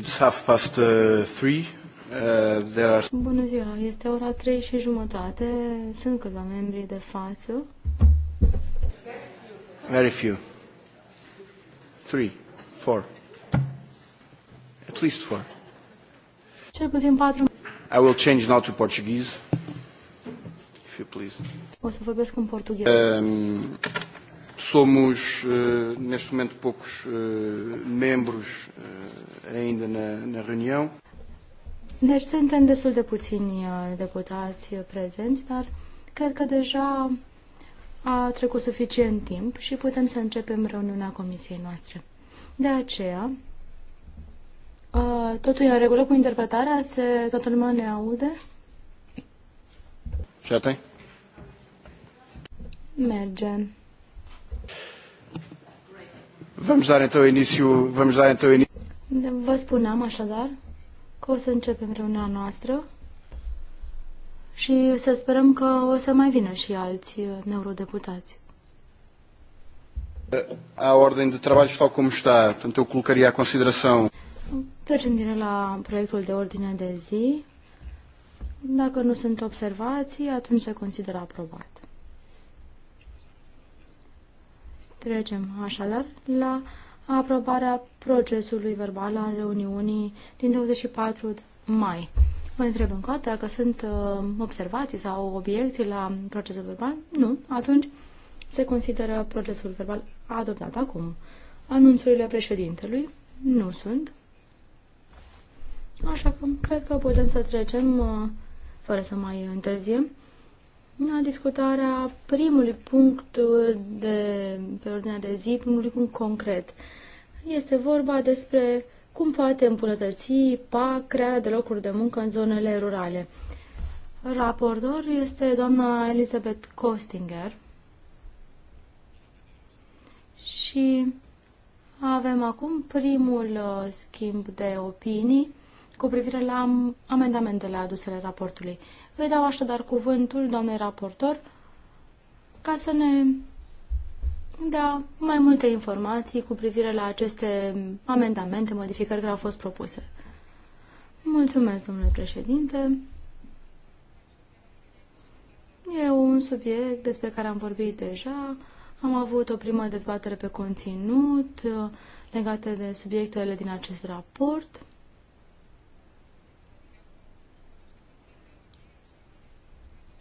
It's half past uh, three. Uh, there are... Bună ziua, este ora 3 și jumătate. Sunt câțiva membri de față. Very few. Three, four. At least four. Cel puțin patru. I will change now to Portuguese. If you please. O să vorbesc în portugheză. Um, Somos, eh, neste momento, poucos eh, membros eh, ainda na, na reunião. Deci suntem destul de puțini deputați prezenți, dar cred că deja a trecut suficient timp și putem să începem reuniunea comisiei noastre. De aceea, totul e în regulă cu interpretarea? Se, toată lumea ne aude? Și Merge. Vamos dar então início, vamos dar então início. Vă spuneam așadar că o să începem reuniunea noastră și să sperăm că o să mai vină și alți uh, neurodeputați. A ordem de trabalho está como está, portanto eu colocaria a consideração. Trecem din la proiectul de ordine de zi. Dacă nu sunt observații, atunci se consideră aprobat. Trecem așadar la aprobarea procesului verbal al reuniunii din 24 mai. Vă întreb încă dacă sunt uh, observații sau obiecții la procesul verbal. Nu. Atunci se consideră procesul verbal adoptat acum. Anunțurile președintelui nu sunt. Așa că cred că putem să trecem uh, fără să mai întârziem la discutarea primului punct de, pe ordinea de zi, primului punct concret. Este vorba despre cum poate îmbunătăți PA crearea de locuri de muncă în zonele rurale. Raportor este doamna Elizabeth Costinger și avem acum primul uh, schimb de opinii cu privire la amendamentele adusele raportului. Vă dau așadar cuvântul doamne raportor ca să ne dea mai multe informații cu privire la aceste amendamente, modificări care au fost propuse. Mulțumesc, domnule președinte. E un subiect despre care am vorbit deja. Am avut o primă dezbatere pe conținut uh, legate de subiectele din acest raport.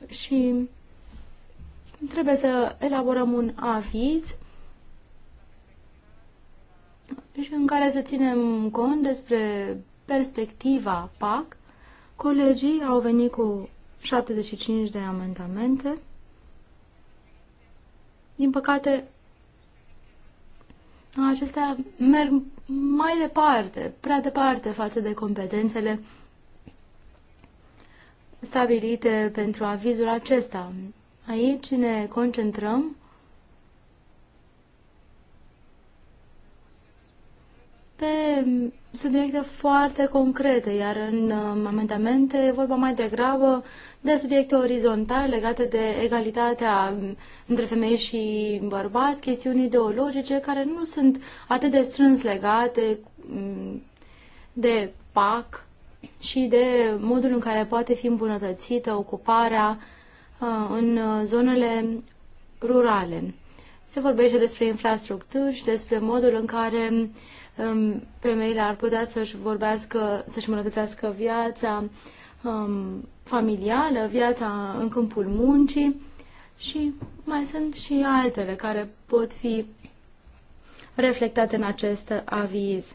și trebuie să elaborăm un aviz și în care să ținem cont despre perspectiva PAC. Colegii au venit cu 75 de amendamente. Din păcate, acestea merg mai departe, prea departe față de competențele stabilite pentru avizul acesta. Aici ne concentrăm pe subiecte foarte concrete, iar în um, amendamente e vorba mai degrabă de subiecte orizontale legate de egalitatea um, între femei și bărbați, chestiuni ideologice care nu sunt atât de strâns legate um, de PAC și de modul în care poate fi îmbunătățită ocuparea uh, în uh, zonele rurale. Se vorbește despre infrastructuri și despre modul în care um, femeile ar putea să-și vorbească, să-și îmbunătățească viața um, familială, viața în câmpul muncii și mai sunt și altele care pot fi reflectate în acest aviz.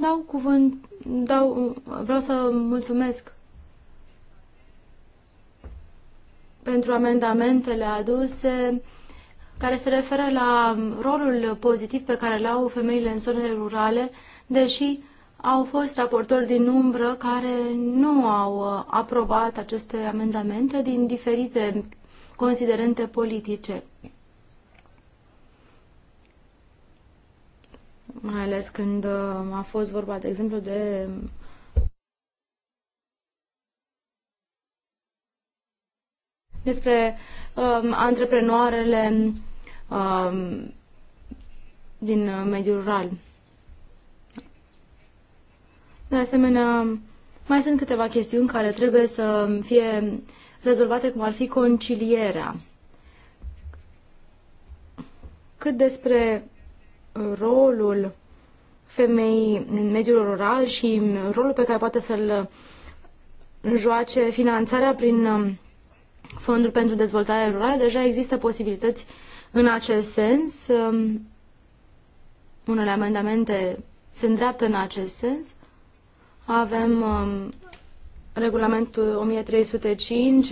Dau cuvânt, dau, vreau să mulțumesc pentru amendamentele aduse care se referă la rolul pozitiv pe care îl au femeile în zonele rurale, deși au fost raportori din umbră care nu au uh, aprobat aceste amendamente din diferite considerente politice. mai ales când uh, a fost vorba, de exemplu, de despre um, antreprenoarele um, din uh, mediul rural. De asemenea, mai sunt câteva chestiuni care trebuie să fie rezolvate, cum ar fi concilierea. Cât despre rolul femeii în mediul rural și rolul pe care poate să-l joace finanțarea prin um, Fondul pentru Dezvoltare Rurală. Deja există posibilități în acest sens. Um, unele amendamente se îndreaptă în acest sens. Avem um, regulamentul 1305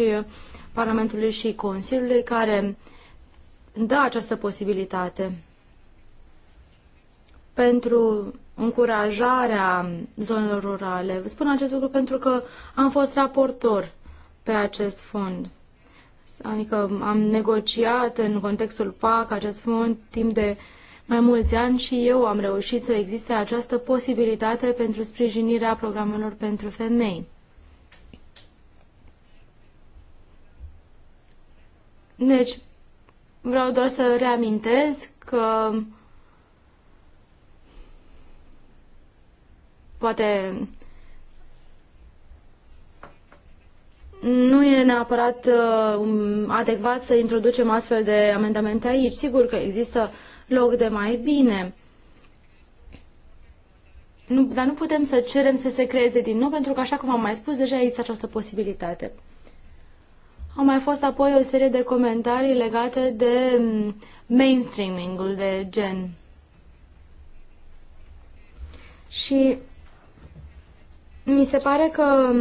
Parlamentului și Consiliului care dă această posibilitate pentru încurajarea zonelor rurale. Vă spun acest lucru pentru că am fost raportor pe acest fond. Adică am negociat în contextul PAC acest fond timp de mai mulți ani și eu am reușit să existe această posibilitate pentru sprijinirea programelor pentru femei. Deci, vreau doar să reamintesc că poate nu e neapărat uh, adecvat să introducem astfel de amendamente aici. Sigur că există loc de mai bine. Nu, dar nu putem să cerem să se creeze din nou, pentru că, așa cum am mai spus, deja există această posibilitate. Au mai fost apoi o serie de comentarii legate de mm, mainstreaming-ul de gen. Și mi se pare că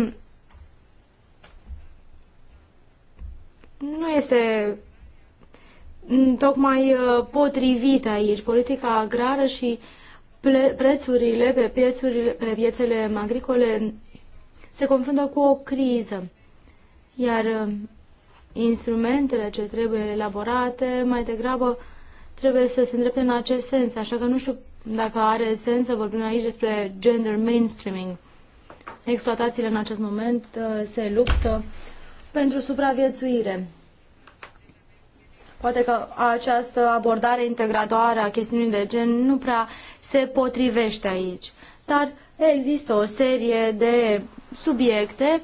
nu este tocmai uh, potrivită aici. Politica agrară și prețurile pe, piețurile, pe piețele agricole se confruntă cu o criză, iar uh, instrumentele ce trebuie elaborate mai degrabă trebuie să se îndrepte în acest sens, așa că nu știu dacă are sens să vorbim aici despre gender mainstreaming. Exploatațiile în acest moment uh, se luptă pentru supraviețuire. Poate că această abordare integratoare a chestiunii de gen nu prea se potrivește aici, dar există o serie de subiecte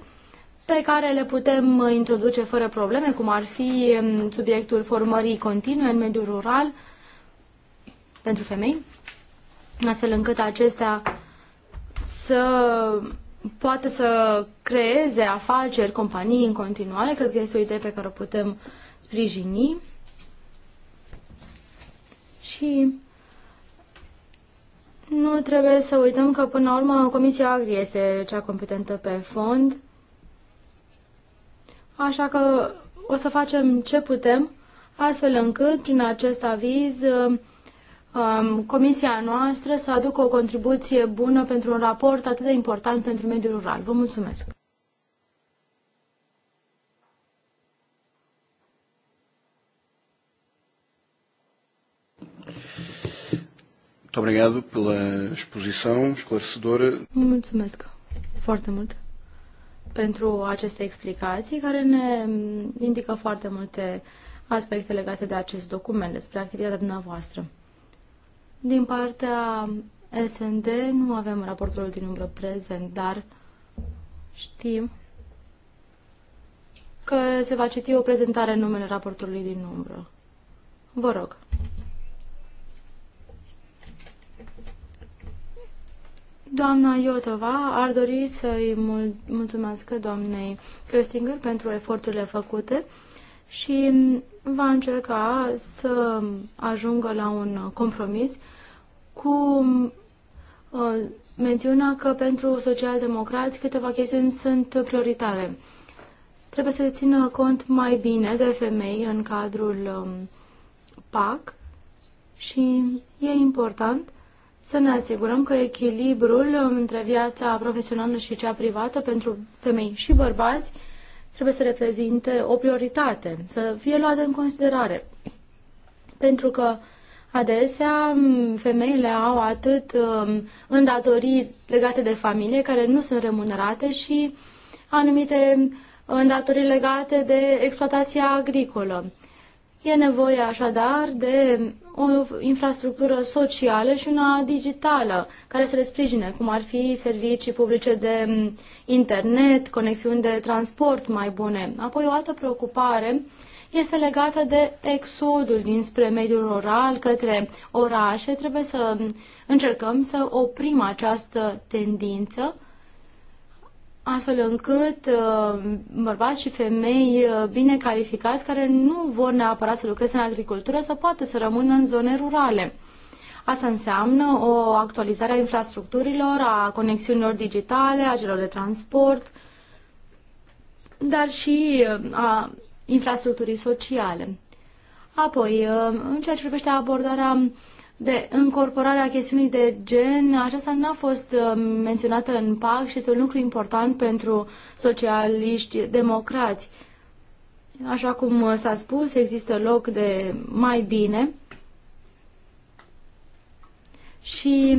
pe care le putem introduce fără probleme, cum ar fi um, subiectul formării continue în mediul rural pentru femei, astfel încât acestea să poate să creeze afaceri, companii în continuare. Cred că este o idee pe care o putem sprijini. Și nu trebuie să uităm că, până la urmă, Comisia Agri este cea competentă pe fond. Așa că o să facem ce putem, astfel încât, prin acest aviz, comisia noastră să aducă o contribuție bună pentru un raport atât de important pentru mediul rural. Vă mulțumesc! Muito obrigado pela exposição esclarecedora. Mulțumesc foarte mult pentru aceste explicații care ne indică foarte multe aspecte legate de acest document, despre activitatea dumneavoastră. Din partea SND nu avem raportul din umbră prezent, dar știm că se va citi o prezentare în numele raportului din umbră. Vă rog. Doamna Iotova ar dori să-i mul mulțumesc doamnei Crestinger pentru eforturile făcute și va încerca să ajungă la un compromis cu uh, mențiunea că pentru socialdemocrați câteva chestiuni sunt prioritare. Trebuie să țină cont mai bine de femei în cadrul um, PAC și e important să ne asigurăm că echilibrul um, între viața profesională și cea privată pentru femei și bărbați trebuie să reprezinte o prioritate, să fie luată în considerare. Pentru că adesea femeile au atât um, îndatoriri legate de familie care nu sunt remunerate și anumite îndatoriri legate de exploatația agricolă. E nevoie așadar de o infrastructură socială și una digitală care să le sprijine, cum ar fi servicii publice de internet, conexiuni de transport mai bune. Apoi o altă preocupare este legată de exodul dinspre mediul rural către orașe. Trebuie să încercăm să oprim această tendință astfel încât uh, bărbați și femei uh, bine calificați care nu vor neapărat să lucreze în agricultură să poată să rămână în zone rurale. Asta înseamnă o actualizare a infrastructurilor, a conexiunilor digitale, a celor de transport, dar și uh, a infrastructurii sociale. Apoi, în ceea ce privește abordarea de încorporarea chestiunii de gen, aceasta n-a fost uh, menționată în PAC și este un lucru important pentru socialiști democrați. Așa cum uh, s-a spus, există loc de mai bine și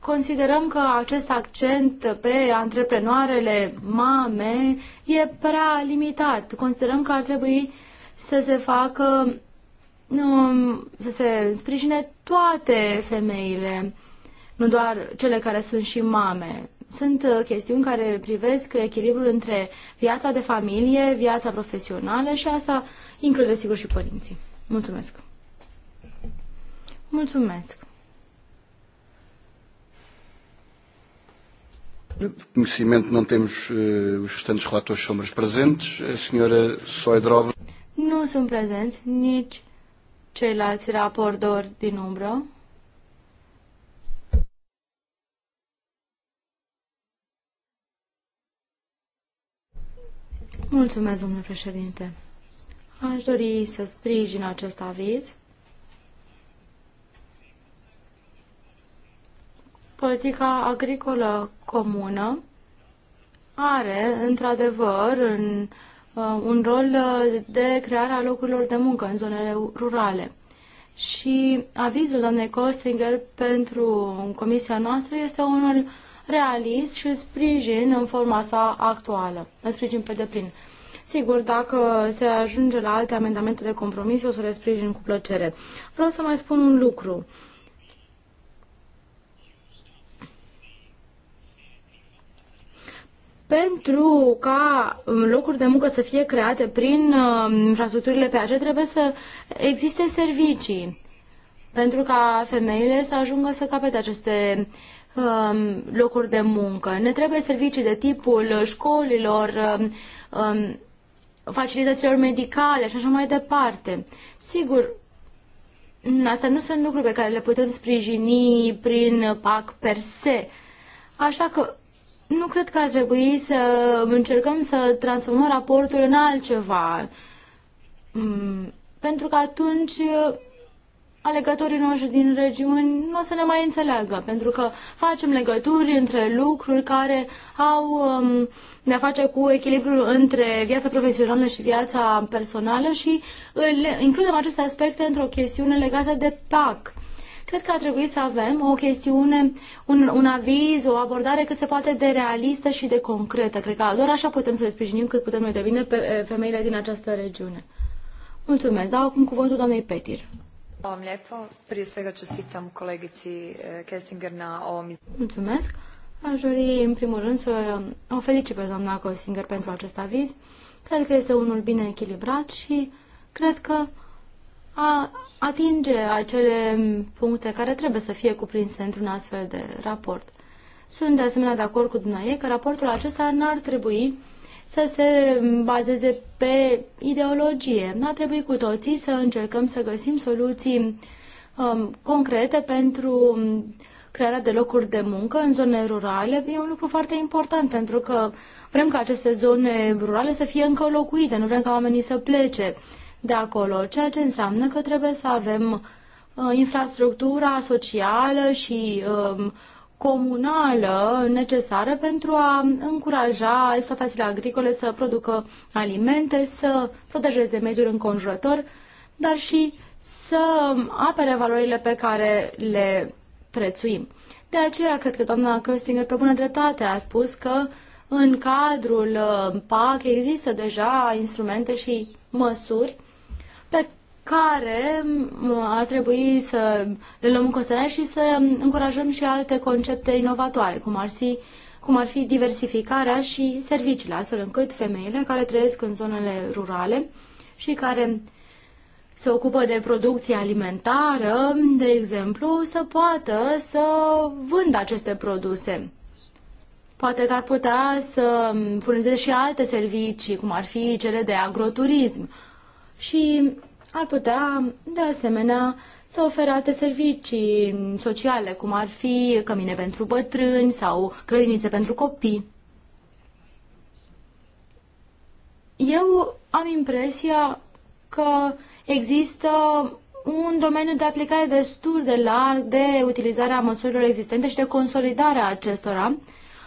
considerăm că acest accent pe antreprenoarele mame e prea limitat. Considerăm că ar trebui să se facă să se sprijine toate femeile, nu doar cele care sunt și mame. Sunt uh, chestiuni care privesc echilibrul între viața de familie, viața profesională și asta include, sigur, și părinții. Mulțumesc! Mulțumesc! Conhecimento não temos uh, os restantes relatores sombras presentes. A uh, senhora Soedrova. Não são presentes, nici ceilalți raportori din umbră. Mulțumesc, domnule președinte. Aș dori să sprijin acest aviz. Politica agricolă comună are, într-adevăr, în uh, Uh, un rol uh, de creare a locurilor de muncă în zonele rurale. Și avizul doamnei Costinger pentru comisia noastră este unul realist și sprijin în forma sa actuală, în sprijin pe deplin. Sigur, dacă se ajunge la alte amendamente de compromis, o să le sprijin cu plăcere. Vreau să mai spun un lucru. Uh, pentru ca um, locuri de muncă să fie create prin um, infrastructurile PAC, trebuie să existe servicii pentru ca femeile să ajungă să capete aceste uh, locuri de muncă. Ne trebuie servicii de tipul școlilor, uh, facilităților medicale și așa mai departe. Sigur, astea nu sunt lucruri pe care le putem sprijini prin PAC per se. Așa că nu cred că ar trebui să încercăm să transformăm raportul în altceva. Mm, pentru că atunci uh, alegătorii noștri din regiuni nu o să ne mai înțeleagă, pentru că facem legături între lucruri care au um, de-a face cu echilibrul între viața profesională și viața personală și includem aceste aspecte într-o chestiune legată de PAC. Cred că ar trebui să avem o chestiune, un, un aviz, o abordare cât se poate de realistă și de concretă. Cred că doar așa putem să le sprijinim cât putem noi de bine pe eh, femeile din această regiune. Mulțumesc. Dau acum cuvântul doamnei Petir. Păi, eh, Mulțumesc. Aș dori, în primul rând, să o felicit pe doamna Kestinger pentru acest aviz. Cred că este unul bine echilibrat și cred că a atinge acele puncte care trebuie să fie cuprinse într-un astfel de raport. Sunt de asemenea de acord cu dumneavoastră că raportul acesta n-ar trebui să se bazeze pe ideologie. N-ar trebui cu toții să încercăm să găsim soluții um, concrete pentru um, crearea de locuri de muncă în zone rurale. E un lucru foarte important pentru că vrem ca aceste zone rurale să fie încă locuite, nu vrem ca oamenii să plece de acolo, ceea ce înseamnă că trebuie să avem uh, infrastructura socială și um, comunală necesară pentru a încuraja exploatațiile agricole să producă alimente, să protejeze mediul înconjurător, dar și să apere valorile pe care le prețuim. De aceea, cred că doamna Köstinger, pe bună dreptate, a spus că în cadrul uh, PAC există deja instrumente și măsuri pe care ar trebui să le luăm în considerare și să încurajăm și alte concepte inovatoare, cum ar fi, cum ar fi diversificarea și serviciile, astfel încât femeile care trăiesc în zonele rurale și care se ocupă de producție alimentară, de exemplu, să poată să vândă aceste produse. Poate că ar putea să furnizeze și alte servicii, cum ar fi cele de agroturism și ar putea, de asemenea, să ofere alte servicii sociale, cum ar fi cămine pentru bătrâni sau grădinițe pentru copii. Eu am impresia că există un domeniu de aplicare destul de larg de utilizarea măsurilor existente și de consolidarea acestora,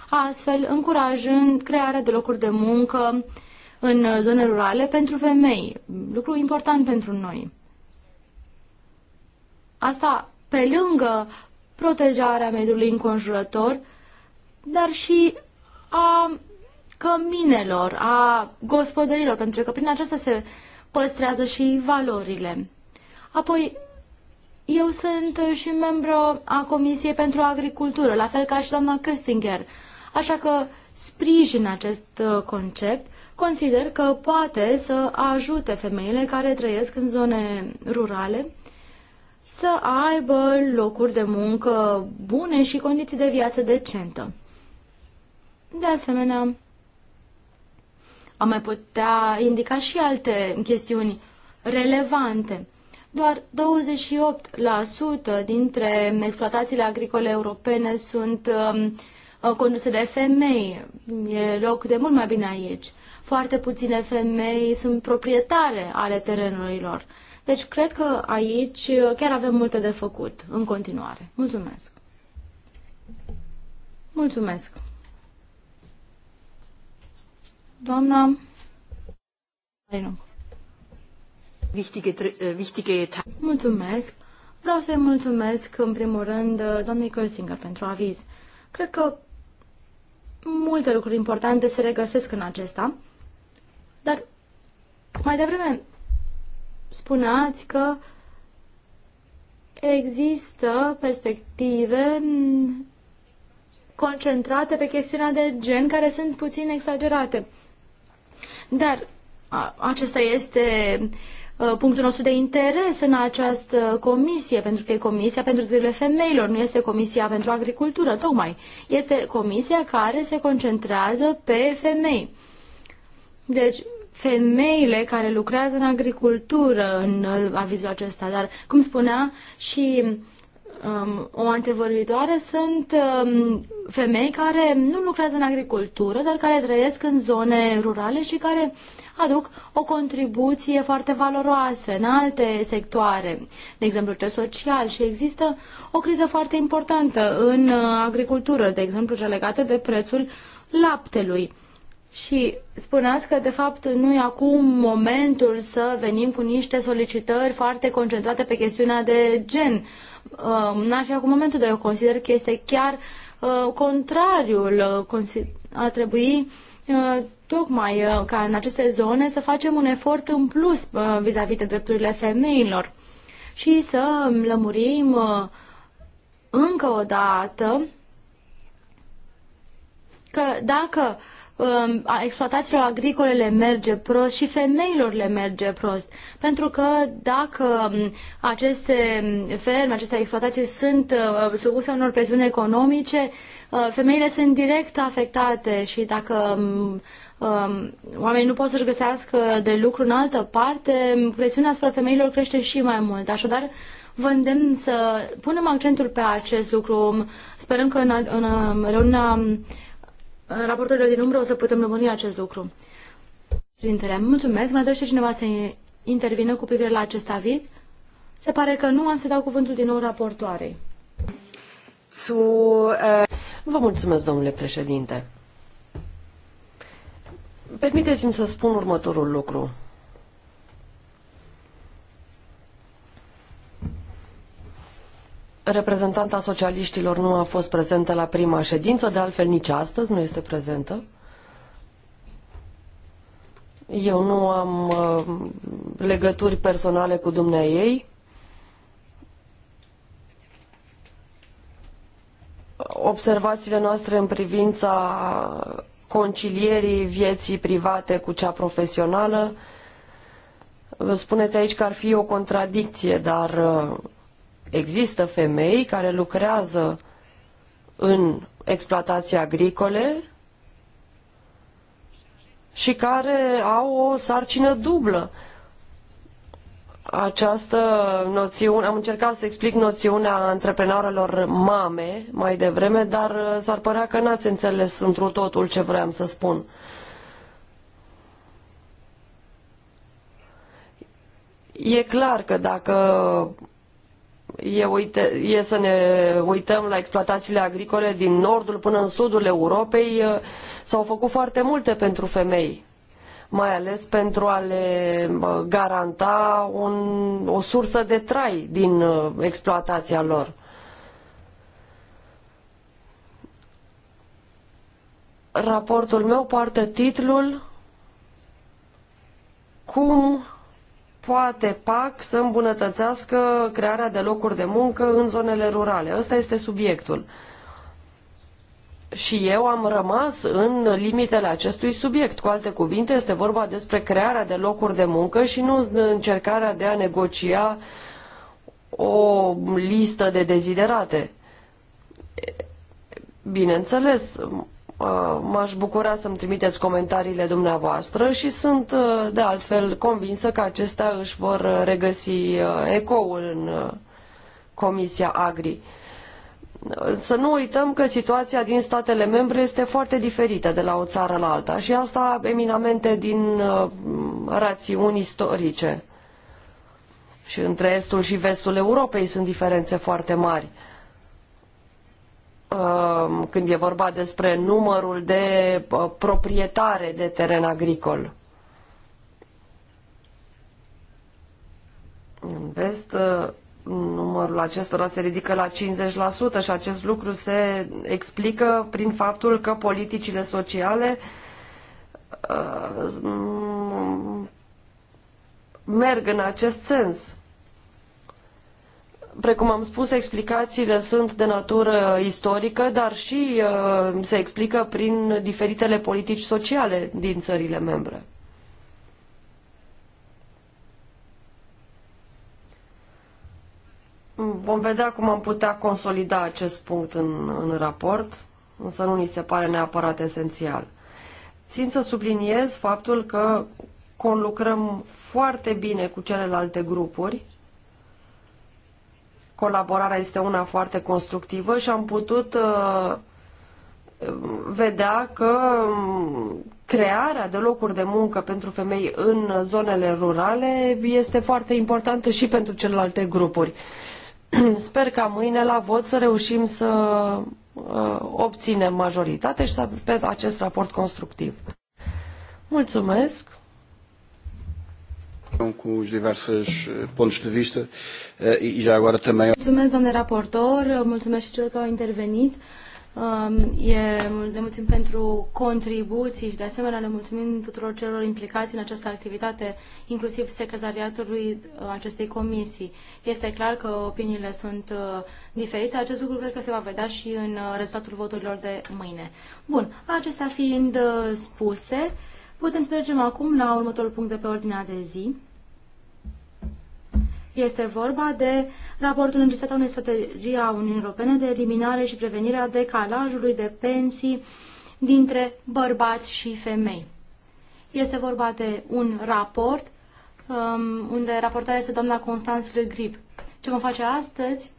astfel încurajând crearea de locuri de muncă în zone rurale pentru femei. Lucru important pentru noi. Asta pe lângă protejarea mediului înconjurător, dar și a căminelor, a gospodărilor, pentru că prin aceasta se păstrează și valorile. Apoi, eu sunt și membru a Comisiei pentru Agricultură, la fel ca și doamna Köstinger, așa că sprijin acest uh, concept consider că poate să ajute femeile care trăiesc în zone rurale să aibă locuri de muncă bune și condiții de viață decentă. De asemenea, am mai putea indica și alte chestiuni relevante. Doar 28% dintre exploatațiile agricole europene sunt um, conduse de femei. E loc de mult mai bine aici. Foarte puține femei sunt proprietare ale terenurilor. Deci cred că aici uh, chiar avem multe de făcut în continuare. Mulțumesc! Mulțumesc! Doamna uh, Mulțumesc! Vreau să-i mulțumesc în primul rând uh, doamnei Kersinger pentru aviz. Cred că multe lucruri importante se regăsesc în acesta dar mai devreme spuneați că există perspective concentrate pe chestiunea de gen care sunt puțin exagerate. Dar a, acesta este uh, punctul nostru de interes în această comisie, pentru că e Comisia pentru Drepturile Femeilor, nu este Comisia pentru Agricultură, tocmai. Este comisia care se concentrează pe femei. Deci, femeile care lucrează în agricultură în avizul acesta, dar, cum spunea și um, o antevorbitoare, sunt um, femei care nu lucrează în agricultură, dar care trăiesc în zone rurale și care aduc o contribuție foarte valoroasă în alte sectoare, de exemplu cel social și există o criză foarte importantă în uh, agricultură, de exemplu cea legată de prețul laptelui. Și spuneați că, de fapt, nu e acum momentul să venim cu niște solicitări foarte concentrate pe chestiunea de gen. Uh, n-ar fi acum momentul, dar eu consider că este chiar uh, contrariul. Uh, ar trebui tocmai ca în aceste zone să facem un efort în plus vis-a-vis -vis de drepturile femeilor și să lămurim încă o dată că dacă uh, Um, exploatațiilor agricole le merge prost și femeilor le merge prost. Pentru că dacă um, aceste um, ferme, aceste exploatații sunt uh, supuse unor presiuni economice, uh, femeile sunt direct afectate și dacă oamenii nu pot să-și găsească de lucru în altă parte, presiunea asupra femeilor crește și mai mult. Așadar, vă îndemn să punem accentul pe acest lucru. Sperăm că în, în reuniunea în raporturile din umbră o să putem lămuri acest lucru. Președintele, mulțumesc. Mai dorește cineva să intervină cu privire la acest aviz? Se pare că nu am să dau cuvântul din nou raportoarei. Su, uh... Vă mulțumesc, domnule președinte. Permiteți-mi să spun următorul lucru. Reprezentanta socialiștilor nu a fost prezentă la prima ședință, de altfel nici astăzi nu este prezentă. Eu nu am uh, legături personale cu dumnea ei. Observațiile noastre în privința concilierii vieții private cu cea profesională. Spuneți aici că ar fi o contradicție, dar uh, Există femei care lucrează în exploatații agricole și care au o sarcină dublă. Această noțiune, am încercat să explic noțiunea antreprenorilor mame mai devreme, dar s-ar părea că n-ați înțeles întru totul ce vreau să spun. E clar că dacă e, uite, e să ne uităm la exploatațiile agricole din nordul până în sudul Europei, s-au făcut foarte multe pentru femei mai ales pentru a le garanta un, o sursă de trai din uh, exploatația lor. Raportul meu poartă titlul Cum poate PAC să îmbunătățească crearea de locuri de muncă în zonele rurale. Ăsta este subiectul. Și eu am rămas în limitele acestui subiect. Cu alte cuvinte, este vorba despre crearea de locuri de muncă și nu încercarea de a negocia o listă de deziderate. Bineînțeles, Uh, m-aș bucura să-mi trimiteți comentariile dumneavoastră și sunt uh, de altfel convinsă că acestea își vor uh, regăsi ecoul în Comisia Agri. Să nu uităm că situația din statele membre este foarte diferită de la o țară la alta și asta eminamente din rațiuni istorice. Și între estul și vestul Europei sunt diferențe foarte mari. Uh, Um, când e vorba despre numărul de uh, proprietare de teren agricol. În vest, uh, numărul acestora se ridică la 50% și acest lucru se explică prin faptul că politicile sociale uh, merg în acest sens precum am spus, explicațiile sunt de natură istorică, dar și uh, se explică prin diferitele politici sociale din țările membre. Vom vedea cum am putea consolida acest punct în, în raport, însă nu ni se pare neapărat esențial. Țin să subliniez faptul că conlucrăm foarte bine cu celelalte grupuri colaborarea este una foarte constructivă și am putut uh, vedea că um, crearea de locuri de muncă pentru femei în zonele rurale este foarte importantă și pentru celelalte grupuri. Sper ca mâine la vot să reușim să uh, obținem majoritate și să avem acest raport constructiv. Mulțumesc! cu os diversos eh, pontos de vista și eh, já agora também. Mulțumesc, doamne raportor, mulțumesc și celor care au intervenit. Um, e, le mulțumim pentru contribuții și de asemenea le mulțumim tuturor celor implicați în această activitate, inclusiv secretariatului uh, acestei comisii. Este clar că opiniile sunt uh, diferite. Acest lucru cred că se va vedea și în uh, rezultatul voturilor de mâine. Bun, acestea fiind spuse, Putem să trecem acum la următorul punct de pe ordinea de zi. Este vorba de raportul înregistrat a unei strategii a Uniunii Europene de eliminare și prevenire a decalajului de pensii dintre bărbați și femei. Este vorba de un raport um, unde raportarea este doamna Constance Le Grip. Ce vom face astăzi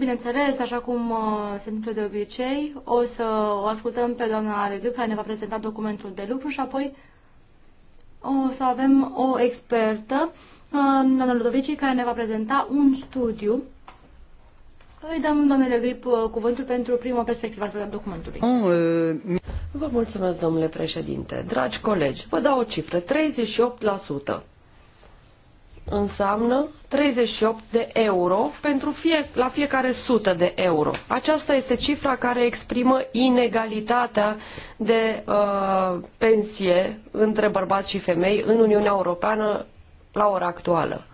Bineînțeles, așa cum uh, se întâmplă de obicei, o să o ascultăm pe doamna Alegru, care ne va prezenta documentul de lucru și apoi o să avem o expertă, uh, doamna Ludovici, care ne va prezenta un studiu. Îi dăm domnule Grip uh, cuvântul pentru prima perspectivă asupra documentului. Oh, vă mulțumesc, domnule președinte. Dragi colegi, vă dau o cifră, 38% înseamnă 38 de euro pentru fie, la fiecare sută de euro. Aceasta este cifra care exprimă inegalitatea de uh, pensie între bărbați și femei în Uniunea Europeană la ora actuală.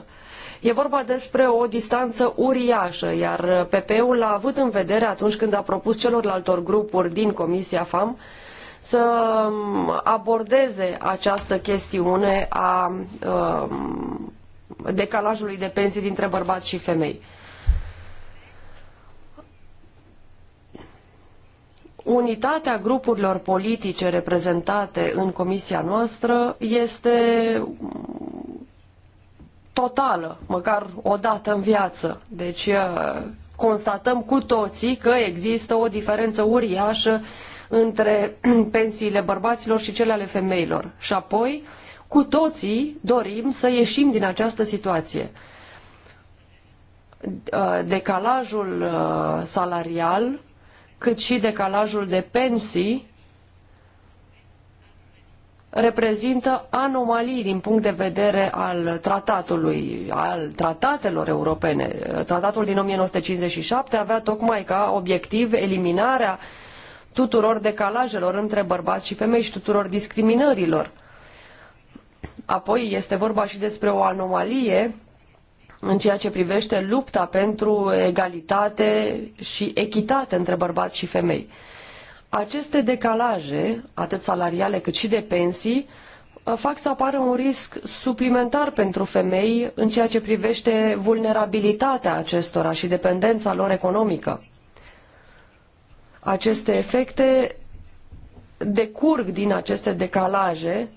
38%. E vorba despre o distanță uriașă, iar PP-ul a avut în vedere atunci când a propus celorlaltor grupuri din Comisia FAM uh, să um, abordeze această chestiune a um, decalajului de pensii dintre bărbați și femei. Unitatea grupurilor politice reprezentate în comisia noastră este totală, măcar o dată în viață. Deci uh, constatăm cu toții că există o diferență uriașă între pensiile bărbaților și cele ale femeilor. Și apoi, cu toții dorim să ieșim din această situație. Uh, decalajul uh, salarial, cât și decalajul de pensii, reprezintă anomalii din punct de vedere al tratatului, al tratatelor europene. Tratatul din 1957 avea tocmai ca obiectiv eliminarea uh, tuturor decalajelor între bărbați și femei și tuturor discriminărilor. Apoi este vorba și despre o anomalie în ceea ce privește lupta pentru egalitate și echitate între bărbați și femei. Aceste decalaje, atât salariale cât și de pensii, fac să apară un risc suplimentar pentru femei în ceea ce privește vulnerabilitatea acestora și dependența lor economică. Aceste efecte decurg din aceste decalaje,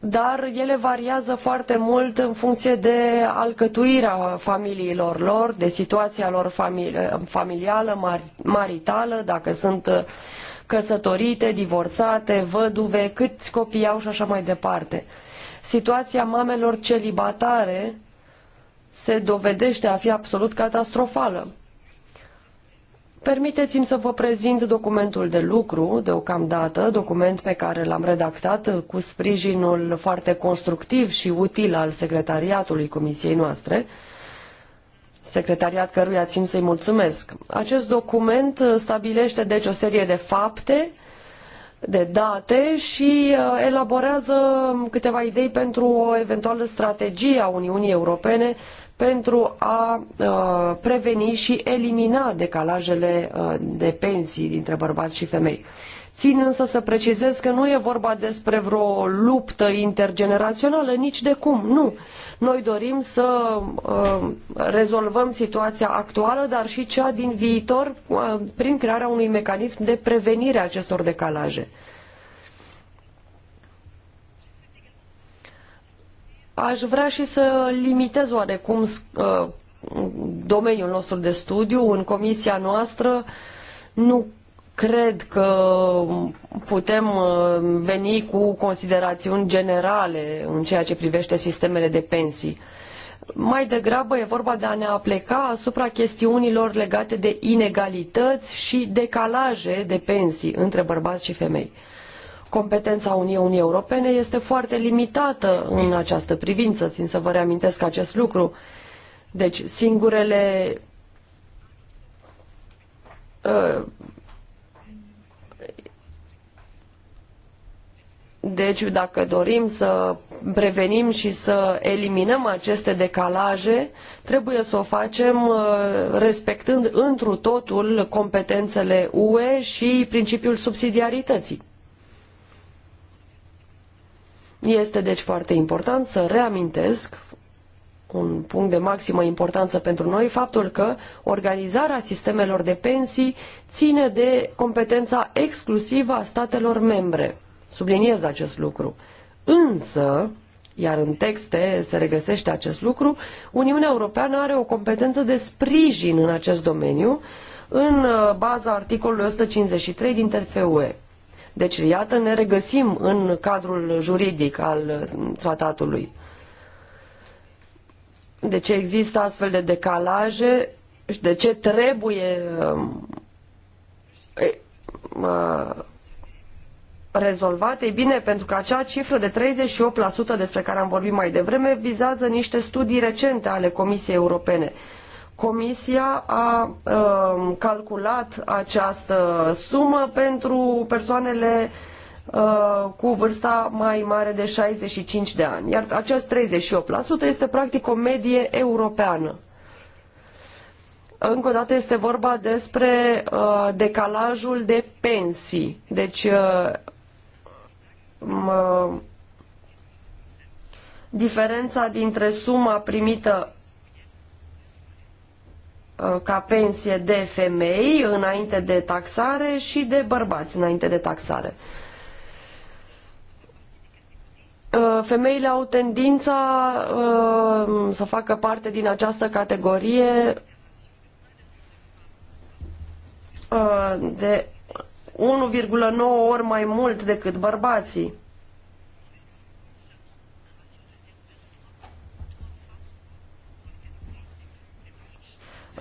dar ele variază foarte mult în funcție de alcătuirea familiilor lor, de situația lor familială, maritală, dacă sunt uh, căsătorite, divorțate, văduve, câți copii au și așa mai departe. Situația mamelor celibatare se dovedește a fi absolut catastrofală. Permiteți-mi să vă prezint documentul de lucru deocamdată, document pe care l-am redactat cu sprijinul foarte constructiv și util al secretariatului comisiei noastre, secretariat căruia țin să-i mulțumesc. Acest document stabilește deci o serie de fapte, de date și uh, elaborează câteva idei pentru o eventuală strategie a Uniunii Europene pentru a uh, preveni și elimina decalajele uh, de pensii dintre bărbați și femei. Țin însă să precizez că nu e vorba despre vreo luptă intergenerațională, nici de cum, nu. Noi dorim să uh, rezolvăm situația actuală, dar și cea din viitor, uh, prin crearea unui mecanism de prevenire a acestor decalaje. Aș vrea și să limitez oarecum uh, domeniul nostru de studiu. În comisia noastră nu cred că putem uh, veni cu considerațiuni generale în ceea ce privește sistemele de pensii. Mai degrabă e vorba de a ne apleca asupra chestiunilor legate de inegalități și decalaje de pensii între bărbați și femei competența Uniunii Europene este foarte limitată în această privință, țin să vă reamintesc acest lucru. Deci singurele uh, deci dacă dorim să prevenim și să eliminăm aceste decalaje, trebuie să o facem uh, respectând întru totul competențele UE și principiul subsidiarității. Este deci foarte important să reamintesc un punct de maximă importanță pentru noi faptul că organizarea sistemelor de pensii ține de competența exclusivă a statelor membre. Subliniez acest lucru. Însă, iar în texte se regăsește acest lucru, Uniunea Europeană are o competență de sprijin în acest domeniu în uh, baza articolului 153 din TFUE. Deci, iată, ne regăsim în cadrul juridic al tratatului. De ce există astfel de decalaje și de ce trebuie um, e, uh, rezolvate? Ei bine, pentru că acea cifră de 38% despre care am vorbit mai devreme vizează niște studii recente ale Comisiei Europene Comisia a um, calculat această sumă pentru persoanele uh, cu vârsta mai mare de 65 de ani, iar acest 38% este practic o medie europeană. Încă o dată este vorba despre uh, decalajul de pensii. Deci, uh, diferența dintre suma primită Uh, ca pensie de femei înainte de taxare și de bărbați înainte de taxare. Uh, femeile au tendința uh, să facă parte din această categorie de 1,9 ori mai mult decât bărbații.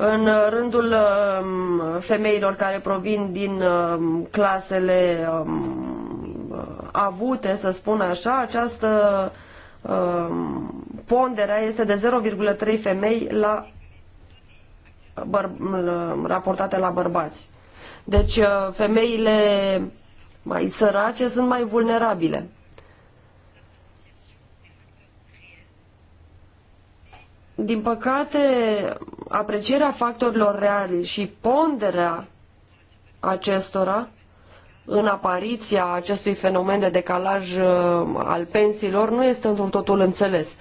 în rândul um, femeilor care provin din um, clasele um, avute, să spun așa, această ponderea este de 0,3 femei la raportate la bărbați. Deci uh, femeile mai sărace sunt mai vulnerabile. Din păcate, aprecierea factorilor reali și ponderea acestora în apariția acestui fenomen de decalaj uh, al pensiilor nu este într-un totul înțeles.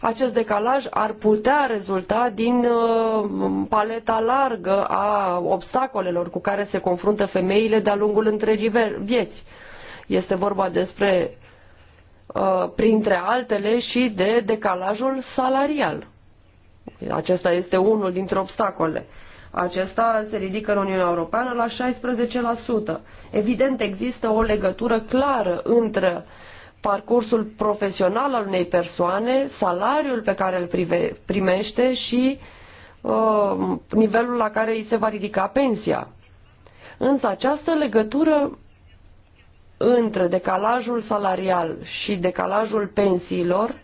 Acest decalaj ar putea rezulta din uh, paleta largă a obstacolelor cu care se confruntă femeile de-a lungul întregii vieți. Este vorba despre, uh, printre altele, și de decalajul salarial. Acesta este unul dintre obstacole. Acesta se ridică în Uniunea Europeană la 16%. Evident, există o legătură clară între parcursul profesional al unei persoane, salariul pe care îl prive, primește și uh, nivelul la care îi se va ridica pensia. Însă această legătură între decalajul salarial și decalajul pensiilor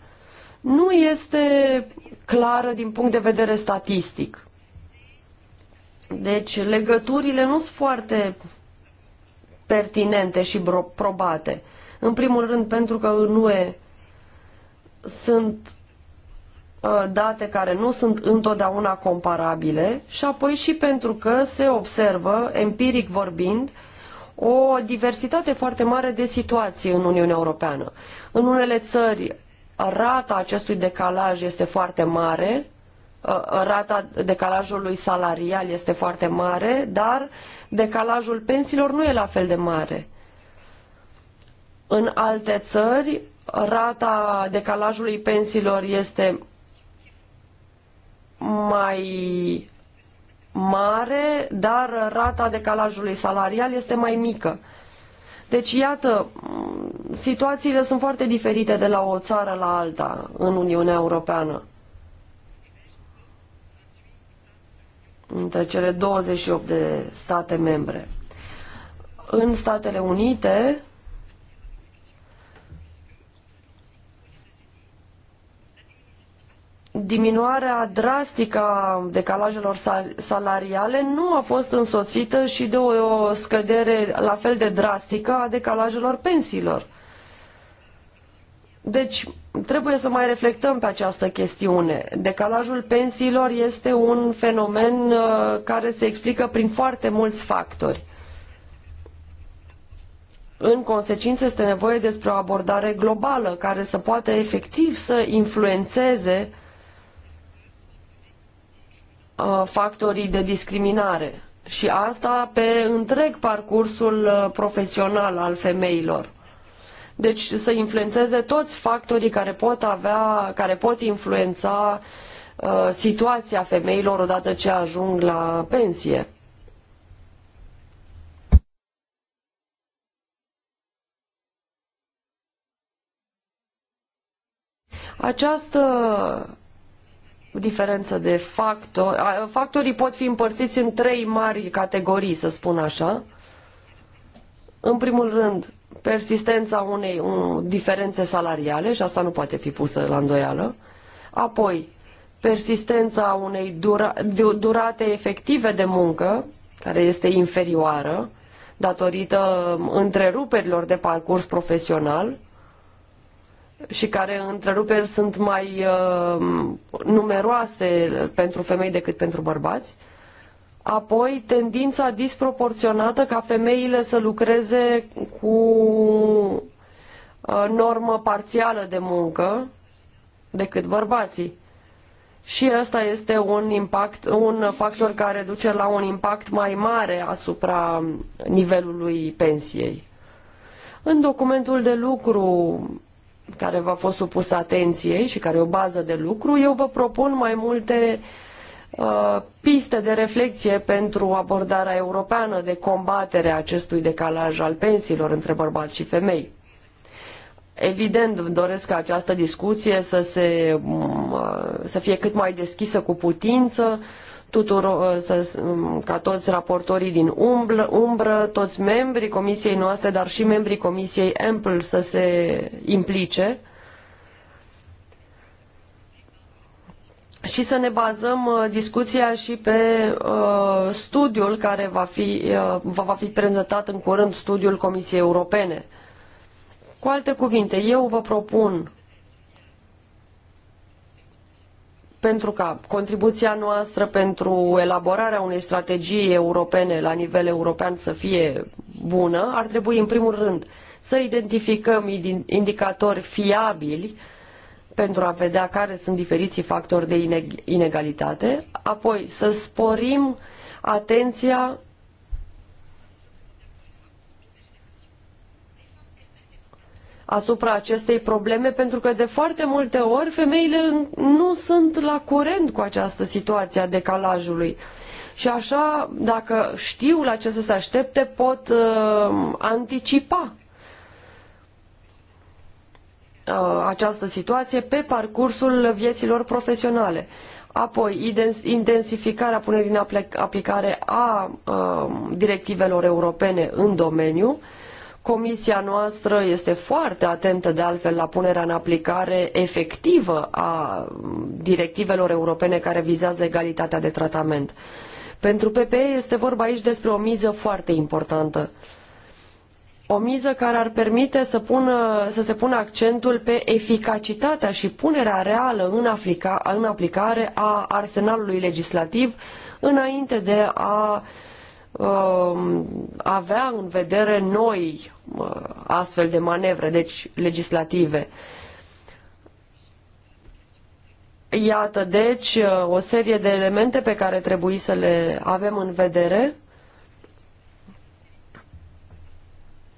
nu este clară din punct de vedere statistic. Deci legăturile nu sunt foarte pertinente și probate. În primul rând pentru că în UE sunt uh, date care nu sunt întotdeauna comparabile și apoi și pentru că se observă, empiric vorbind, o diversitate foarte mare de situații în Uniunea Europeană. În unele țări rata acestui decalaj este foarte mare, uh, rata decalajului salarial este foarte mare, dar decalajul pensiilor nu e la fel de mare. În alte țări, rata decalajului pensiilor este mai mare, dar rata decalajului salarial este mai mică. Deci, iată, situațiile sunt foarte diferite de la o țară la alta în Uniunea Europeană. Între cele 28 de state membre. În Statele Unite, diminuarea drastică a decalajelor salariale nu a fost însoțită și de o scădere la fel de drastică a decalajelor pensiilor. Deci, trebuie să mai reflectăm pe această chestiune. Decalajul pensiilor este un fenomen uh, care se explică prin foarte mulți factori. În consecință, este nevoie despre o abordare globală care să poată efectiv să influențeze Uh, factorii de discriminare și asta pe întreg parcursul uh, profesional al femeilor. Deci să influențeze toți factorii care pot avea, care pot influența uh, situația femeilor odată ce ajung la pensie. Această diferență de factori. Factorii pot fi împărțiți în trei mari categorii, să spun așa. În primul rând, persistența unei un, diferențe salariale, și asta nu poate fi pusă la îndoială. Apoi, persistența unei dura, durate efective de muncă, care este inferioară, datorită um, întreruperilor de parcurs profesional, și care întreruperi sunt mai uh, numeroase pentru femei decât pentru bărbați. Apoi, tendința disproporționată ca femeile să lucreze cu uh, normă parțială de muncă decât bărbații. Și ăsta este un, impact, un factor care duce la un impact mai mare asupra nivelului pensiei. În documentul de lucru care v-a fost supus atenției și care e o bază de lucru, eu vă propun mai multe uh, piste de reflexie pentru abordarea europeană de combatere a acestui decalaj al pensiilor între bărbați și femei. Evident, doresc ca această discuție să, se, mm, să fie cât mai deschisă cu putință, tuturor, uh, să, mm, ca toți raportorii din umblă, umbră, toți membrii comisiei noastre, dar și membrii comisiei Ample să se implice și să ne bazăm uh, discuția și pe uh, studiul care va fi, uh, va fi prezentat în curând, studiul Comisiei Europene. Uh, cu alte cuvinte, eu vă propun pentru ca contribuția noastră pentru elaborarea unei strategii europene la nivel european să fie bună, ar trebui în primul rând să identificăm indicatori fiabili pentru a vedea care sunt diferiții factori de inegalitate, apoi să sporim atenția asupra acestei probleme pentru că de foarte multe ori femeile nu sunt la curent cu această situație a decalajului. Și așa, dacă știu la ce să se aștepte, pot uh, anticipa uh, această situație pe parcursul vieților profesionale. Apoi, intensificarea punerii în aplicare a uh, directivelor europene în domeniu, uh, Comisia noastră este foarte atentă de altfel la punerea în aplicare efectivă a directivelor europene care vizează egalitatea de tratament. Pentru PPE este vorba aici despre o miză foarte importantă. O miză care ar permite să, pună, să se pună accentul pe eficacitatea și punerea reală în, aplica, în aplicare a arsenalului legislativ înainte de a uh, Um, avea în vedere noi uh, astfel de manevre, deci legislative. Iată, deci, uh, o serie de elemente pe care trebuie să le avem în vedere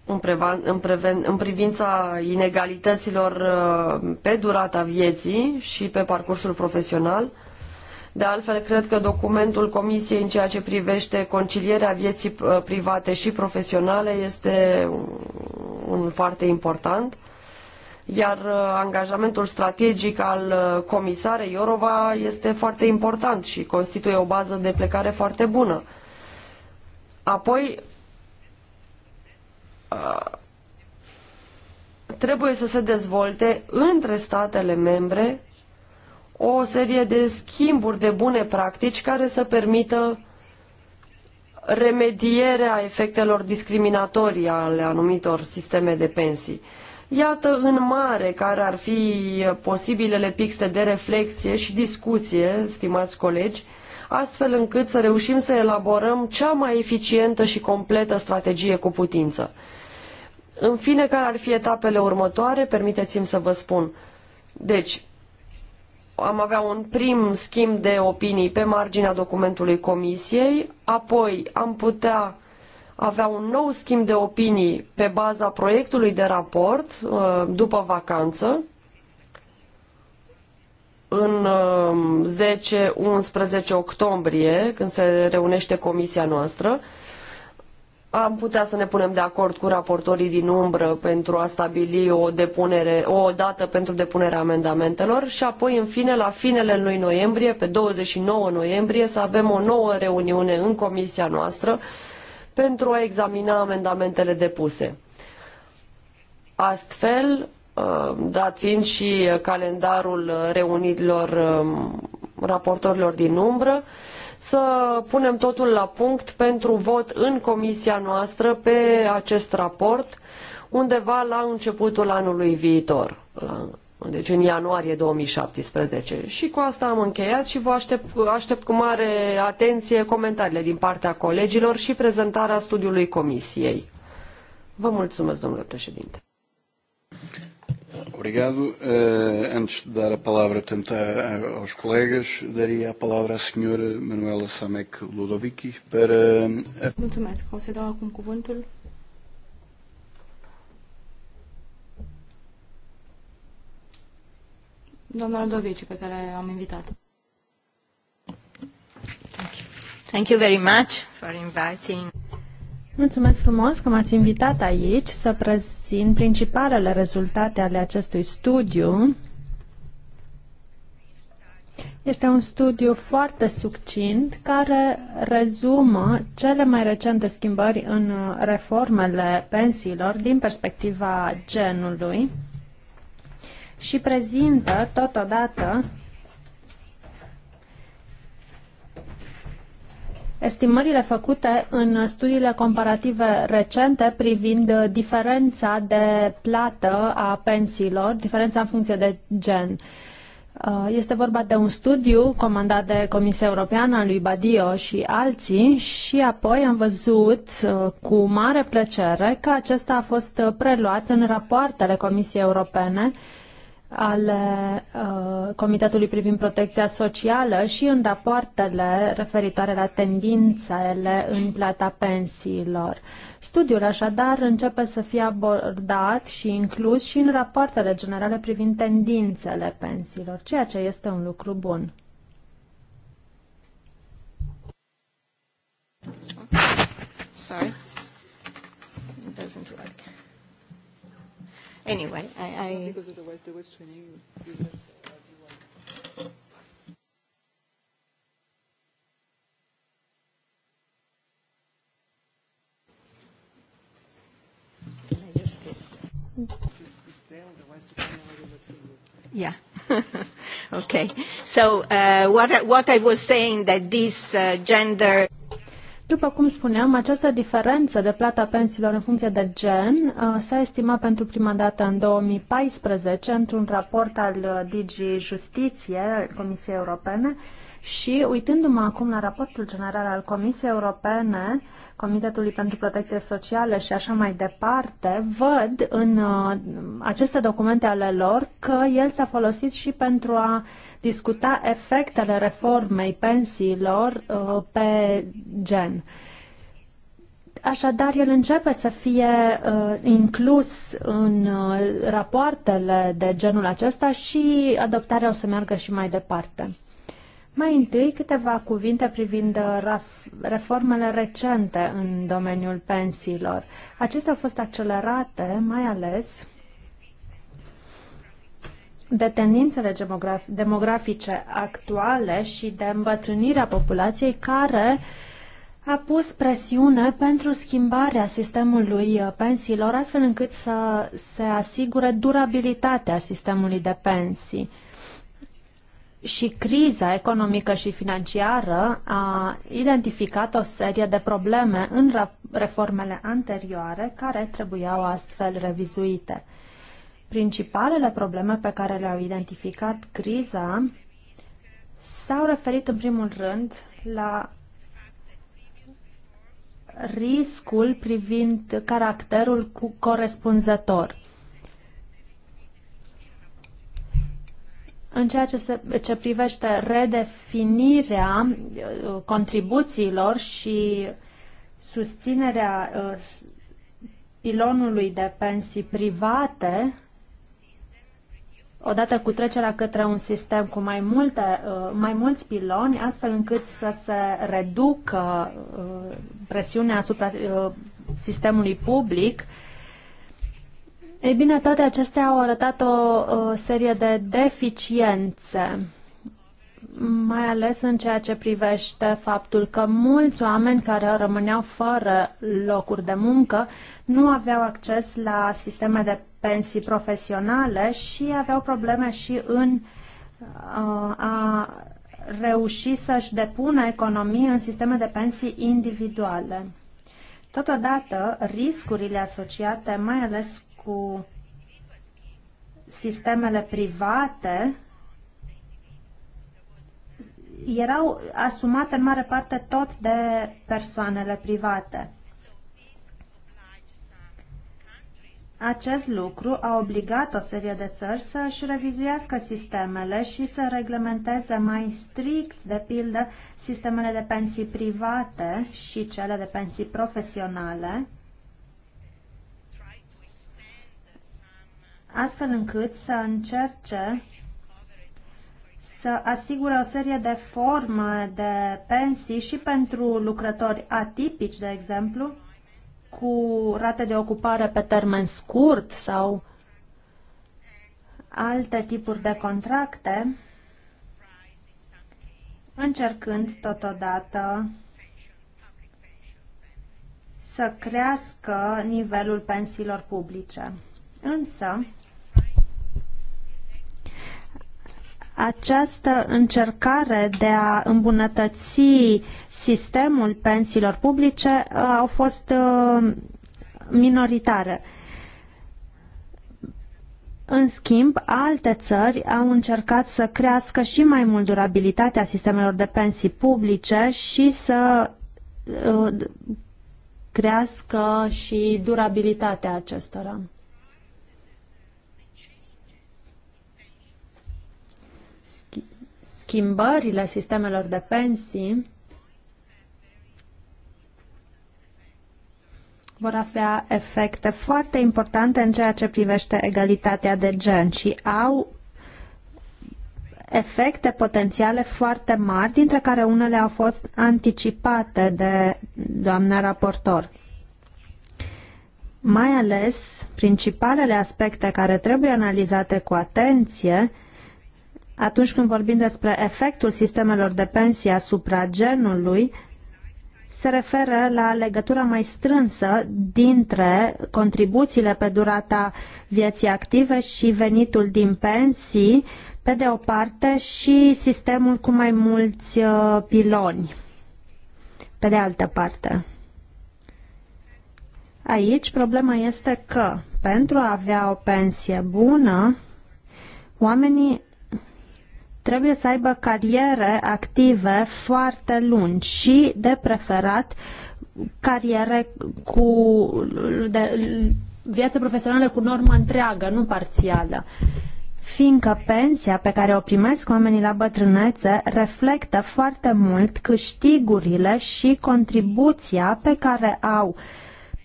în, preven, în, preven, în privința inegalităților uh, pe durata vieții și pe parcursul profesional. De altfel, cred că documentul Comisiei în ceea ce privește concilierea vieții uh, private și profesionale este unul foarte important iar uh, angajamentul strategic al uh, comisarei Iorova este foarte important și constituie o bază de plecare foarte bună. Apoi, trebuie să se dezvolte între statele membre o serie de schimburi de bune practici care să permită remedierea efectelor discriminatorii ale anumitor sisteme de pensii. Iată în mare care ar fi posibilele pixte de reflexie și discuție, stimați colegi, astfel încât să reușim să elaborăm cea mai eficientă și completă strategie cu putință. În fine, care ar fi etapele următoare, permiteți-mi să vă spun. Deci, am avea un prim schimb de opinii pe marginea documentului comisiei, apoi am putea avea un nou schimb de opinii pe baza proiectului de raport uh, după vacanță în 10-11 um, octombrie, când se reunește comisia noastră am putea să ne punem de acord cu raportorii din umbră pentru a stabili o, depunere, o dată pentru depunerea amendamentelor și apoi, în fine, la finele lui noiembrie, pe 29 noiembrie, să avem o nouă reuniune în comisia noastră pentru a examina amendamentele depuse. Astfel, uh, dat fiind și calendarul reunirilor um, raportorilor din umbră, să punem totul la punct pentru vot în comisia noastră pe acest raport undeva la începutul anului viitor, la, deci în ianuarie 2017. Și cu asta am încheiat și vă aștept, aștept cu mare atenție comentariile din partea colegilor și prezentarea studiului comisiei. Vă mulțumesc, domnule președinte. Obrigado. Uh, antes de dar a palavra tanto a, aos colegas, daria a palavra à senhora Manuela Samek Ludovici para... A... Eh, Mulțumesc. O acum cuvântul. Doamna Ludovici, pe care am invitat-o. Thank you very much for inviting. Mulțumesc frumos că m-ați invitat aici să prezint principalele rezultate ale acestui studiu. Este un studiu foarte succint care rezumă cele mai recente schimbări în reformele pensiilor din perspectiva genului și prezintă totodată Estimările făcute în studiile comparative recente privind uh, diferența de plată a pensiilor, diferența în funcție de gen. Uh, este vorba de un studiu comandat de Comisia Europeană lui Badio și alții și apoi am văzut uh, cu mare plăcere că acesta a fost preluat în rapoartele Comisiei Europene ale uh, Comitetului privind protecția socială și în rapoartele referitoare la tendințele în plata pensiilor. Studiul așadar începe să fie abordat și inclus și în rapoartele generale privind tendințele pensiilor, ceea ce este un lucru bun. Sorry. It doesn't work. Anyway, I... I because otherwise Yeah. okay. So uh, what, what I was saying that this uh, gender după cum spuneam, această diferență de plata pensiilor în funcție de gen uh, s-a estimat pentru prima dată în 2014 într-un raport al uh, DG Justiție, Comisiei Europene, și uitându-mă acum la raportul general al Comisiei Europene, Comitetului pentru Protecție Socială și așa mai departe, văd în uh, aceste documente ale lor că el s-a folosit și pentru a discuta efectele reformei pensiilor uh, pe gen. Așadar, el începe să fie uh, inclus în uh, rapoartele de genul acesta și adoptarea o să meargă și mai departe. Mai întâi, câteva cuvinte privind uh, reformele recente în domeniul pensiilor. Acestea au fost accelerate, mai ales de tendințele demografice actuale și de îmbătrânirea populației care a pus presiune pentru schimbarea sistemului uh, pensiilor astfel încât să se asigure durabilitatea sistemului de pensii și criza economică și financiară a identificat o serie de probleme în reformele anterioare care trebuiau astfel revizuite. Principalele probleme pe care le-au identificat criza s-au referit în primul rând la riscul privind caracterul cu corespunzător. În ceea ce, se, ce privește redefinirea uh, contribuțiilor și susținerea uh, pilonului de pensii private, odată cu trecerea către un sistem cu mai, multe, uh, mai mulți piloni, astfel încât să se reducă presiunea asupra sistemului public, ei bine, toate acestea au arătat o, o serie de deficiențe mai ales în ceea ce privește faptul că mulți oameni care rămâneau fără locuri de muncă nu aveau acces la sisteme de pensii profesionale și aveau probleme și în uh, a reuși să-și depună economie în sisteme de pensii individuale. Totodată, riscurile asociate, mai ales cu sistemele private erau asumate în mare parte tot de persoanele private. Acest lucru a obligat o serie de țări să își revizuiască sistemele și să reglementeze mai strict, de pildă, sistemele de pensii private și cele de pensii profesionale, astfel încât să încerce să asigure o serie de forme de pensii și pentru lucrători atipici, de exemplu, cu rate de ocupare pe termen scurt sau alte tipuri de contracte, încercând totodată să crească nivelul pensiilor publice. Însă, Această încercare de a îmbunătăți sistemul pensiilor publice uh, au fost uh, minoritare. În schimb, alte țări au încercat să crească și mai mult durabilitatea sistemelor de pensii publice și să uh, crească și durabilitatea acestora. schimbările sistemelor de pensii vor avea efecte foarte importante în ceea ce privește egalitatea de gen și au efecte potențiale foarte mari, dintre care unele au fost anticipate de doamna raportor. Mai ales, principalele aspecte care trebuie analizate cu atenție atunci când vorbim despre efectul sistemelor de pensie asupra genului, se referă la legătura mai strânsă dintre contribuțiile pe durata vieții active și venitul din pensii, pe de o parte, și sistemul cu mai mulți uh, piloni, pe de altă parte. Aici problema este că pentru a avea o pensie bună, oamenii trebuie să aibă cariere active foarte lungi și, de preferat, cariere cu de, viață profesională cu normă întreagă, nu parțială fiindcă pensia pe care o primesc oamenii la bătrânețe reflectă foarte mult câștigurile și contribuția pe care au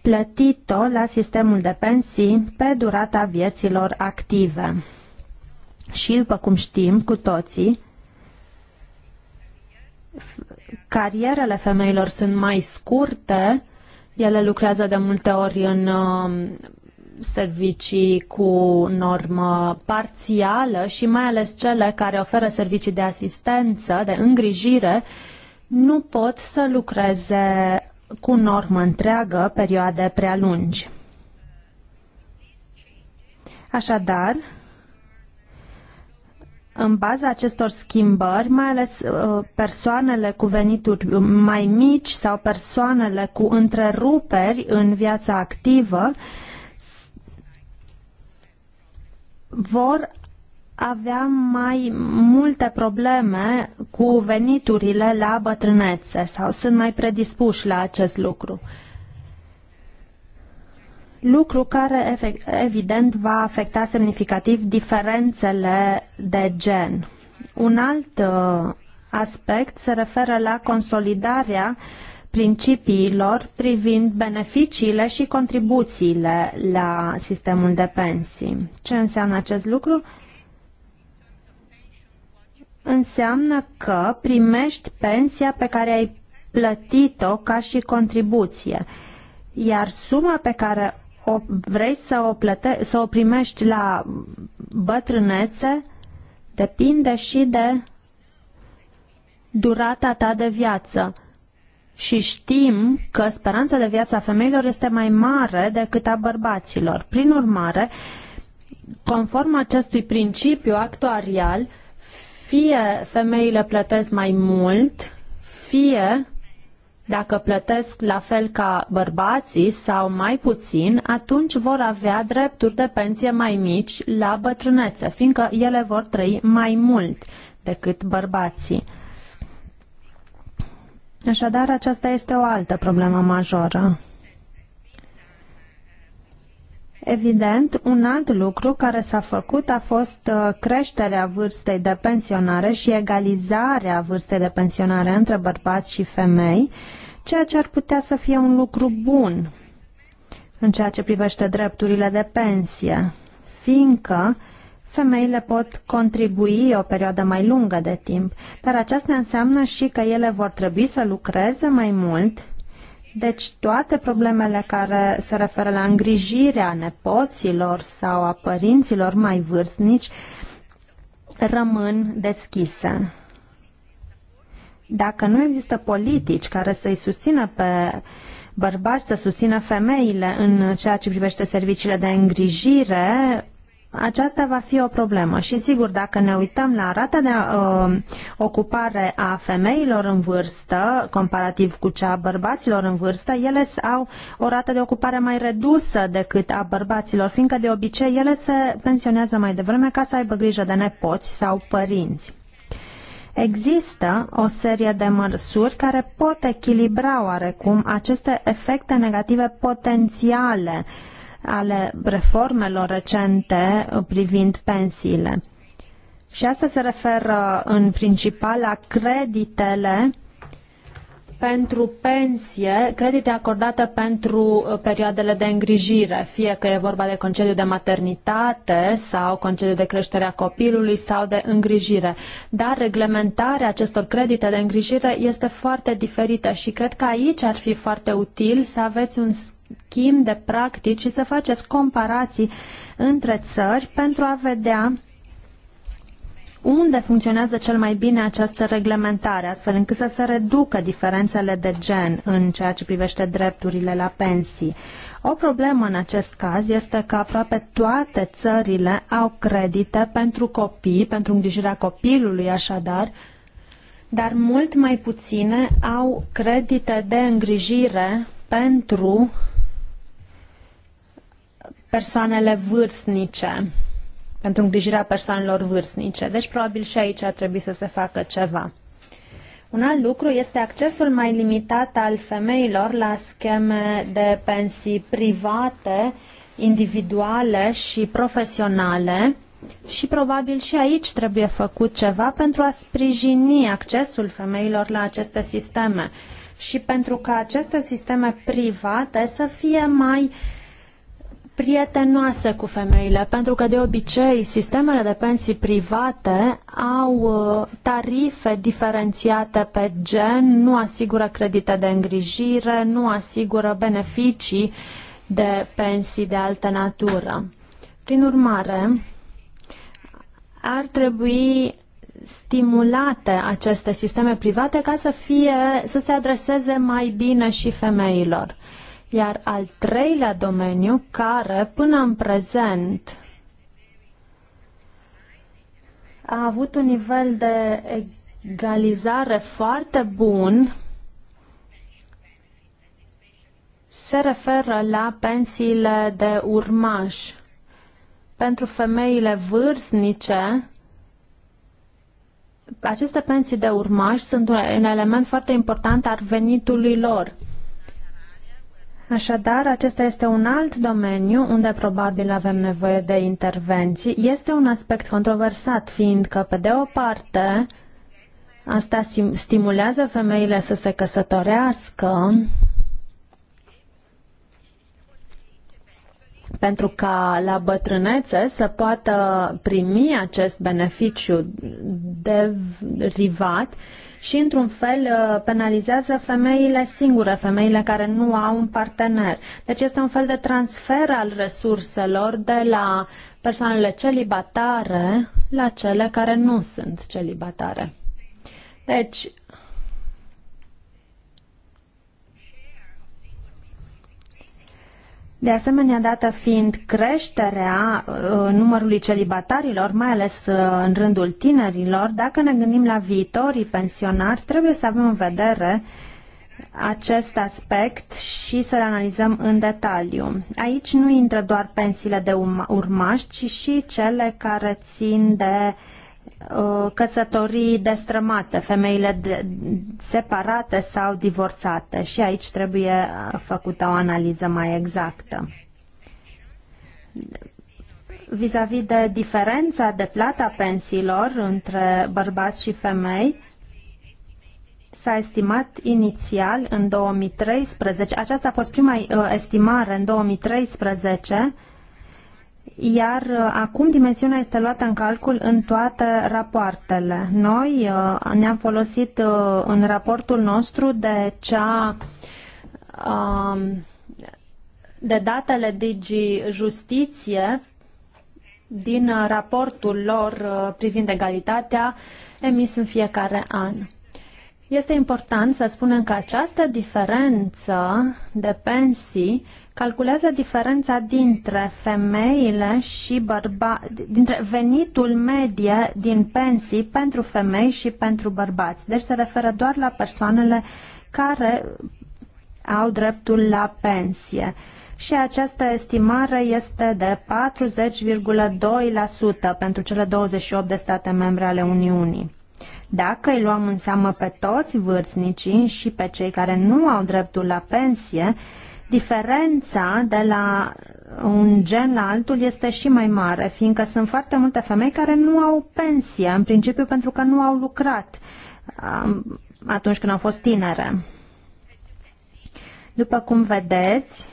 plătit-o la sistemul de pensii pe durata vieților active. Și, după cum știm cu toții, carierele femeilor sunt mai scurte, ele lucrează de multe ori în um, servicii cu normă parțială și mai ales cele care oferă servicii de asistență, de îngrijire, nu pot să lucreze cu normă întreagă perioade prea lungi. Așadar, în baza acestor schimbări, mai ales uh, persoanele cu venituri mai mici sau persoanele cu întreruperi în viața activă, vor avea mai multe probleme cu veniturile la bătrânețe sau sunt mai predispuși la acest lucru lucru care evident va afecta semnificativ diferențele de gen. Un alt uh, aspect se referă la consolidarea principiilor privind beneficiile și contribuțiile la sistemul de pensii. Ce înseamnă acest lucru? Înseamnă că primești pensia pe care ai plătit-o ca și contribuție, iar suma pe care o, vrei să o, plăte, să o primești la bătrânețe, depinde și de durata ta de viață. Și știm că speranța de viață a femeilor este mai mare decât a bărbaților. Prin urmare, conform acestui principiu actuarial, fie femeile plătesc mai mult, fie dacă plătesc la fel ca bărbații sau mai puțin, atunci vor avea drepturi de pensie mai mici la bătrânețe, fiindcă ele vor trăi mai mult decât bărbații. Așadar, aceasta este o altă problemă majoră. Evident, un alt lucru care s-a făcut a fost uh, creșterea vârstei de pensionare și egalizarea vârstei de pensionare între bărbați și femei, ceea ce ar putea să fie un lucru bun în ceea ce privește drepturile de pensie, fiindcă femeile pot contribui o perioadă mai lungă de timp, dar aceasta înseamnă și că ele vor trebui să lucreze mai mult deci toate problemele care se referă la îngrijirea nepoților sau a părinților mai vârstnici rămân deschise. Dacă nu există politici care să-i susțină pe bărbați, să susțină femeile în ceea ce privește serviciile de îngrijire, aceasta va fi o problemă și sigur dacă ne uităm la rata de uh, ocupare a femeilor în vârstă comparativ cu cea a bărbaților în vârstă, ele au o rată de ocupare mai redusă decât a bărbaților, fiindcă de obicei ele se pensionează mai devreme ca să aibă grijă de nepoți sau părinți. Există o serie de măsuri care pot echilibra oarecum aceste efecte negative potențiale uh, ale reformelor recente privind pensiile. Și asta se referă în principal la creditele pentru pensie, credite acordate pentru uh, perioadele de îngrijire, fie că e vorba de concediu de maternitate sau concediu de creștere a copilului sau de îngrijire. Dar reglementarea acestor credite de îngrijire este foarte diferită și cred că aici ar fi foarte util să aveți un schimb de practici și să faceți comparații între țări pentru a vedea unde funcționează cel mai bine această reglementare, astfel încât să se reducă diferențele de gen în ceea ce privește drepturile la pensii. O problemă în acest caz este că aproape toate țările au credite pentru copii, pentru îngrijirea copilului așadar, dar mult mai puține au credite de îngrijire pentru persoanele vârstnice, pentru îngrijirea persoanelor vârstnice. Deci probabil și aici ar trebui să se facă ceva. Un alt lucru este accesul mai limitat al femeilor la scheme de pensii private, individuale și profesionale și probabil și aici trebuie făcut ceva pentru a sprijini accesul femeilor la aceste sisteme și pentru ca aceste sisteme private să fie mai uh, prietenoase cu femeile, pentru că de obicei sistemele de pensii private au uh, tarife diferențiate pe gen, nu asigură credite de îngrijire, nu asigură beneficii de pensii de altă natură. Prin urmare, ar trebui stimulate aceste sisteme private ca să fie să se adreseze mai bine și femeilor. Iar al treilea domeniu care până în prezent a avut un nivel de egalizare foarte bun se referă la pensiile de urmaș. Pentru femeile vârstnice, aceste pensii de urmași sunt un element foarte important al venitului lor. Așadar, acesta este un alt domeniu unde probabil avem nevoie de intervenții. Este un aspect controversat, fiindcă, pe de o parte, asta stimulează femeile să se căsătorească, pentru ca la bătrânețe să poată primi acest beneficiu derivat și, într-un fel, penalizează femeile singure, femeile care nu au un partener. Deci este un fel de transfer al resurselor de la persoanele celibatare la cele care nu sunt celibatare. Deci, De asemenea, dată fiind creșterea uh, numărului celibatarilor, mai ales uh, în rândul tinerilor, dacă ne gândim la viitorii pensionari, trebuie să avem în vedere acest aspect și să-l analizăm în detaliu. Aici nu intră doar pensiile de urmași, ci și cele care țin de uh, Uh, căsătorii destrămate, femeile de, separate sau divorțate și aici trebuie uh, făcută o analiză mai exactă. Vis-a-vis -vis de diferența de plata pensiilor între bărbați și femei, S-a estimat inițial în 2013, aceasta a fost prima uh, estimare în 2013, iar uh, acum dimensiunea este luată în calcul în toate rapoartele. Noi uh, ne-am folosit uh, în raportul nostru de cea um, de datele Digi Justiție din raportul lor privind egalitatea emis în fiecare an. Este important să spunem că această diferență de pensii calculează diferența dintre femeile și bărba, dintre venitul medie din pensii pentru femei și pentru bărbați. Deci se referă doar la persoanele care au dreptul la pensie. Și această estimare este de 40,2% pentru cele 28 de state membre ale Uniunii. Dacă îi luăm în seamă pe toți vârstnicii și pe cei care nu au dreptul la pensie, diferența de la un gen la altul este și mai mare, fiindcă sunt foarte multe femei care nu au pensie, în principiu pentru că nu au lucrat um, atunci când au fost tinere. După cum vedeți,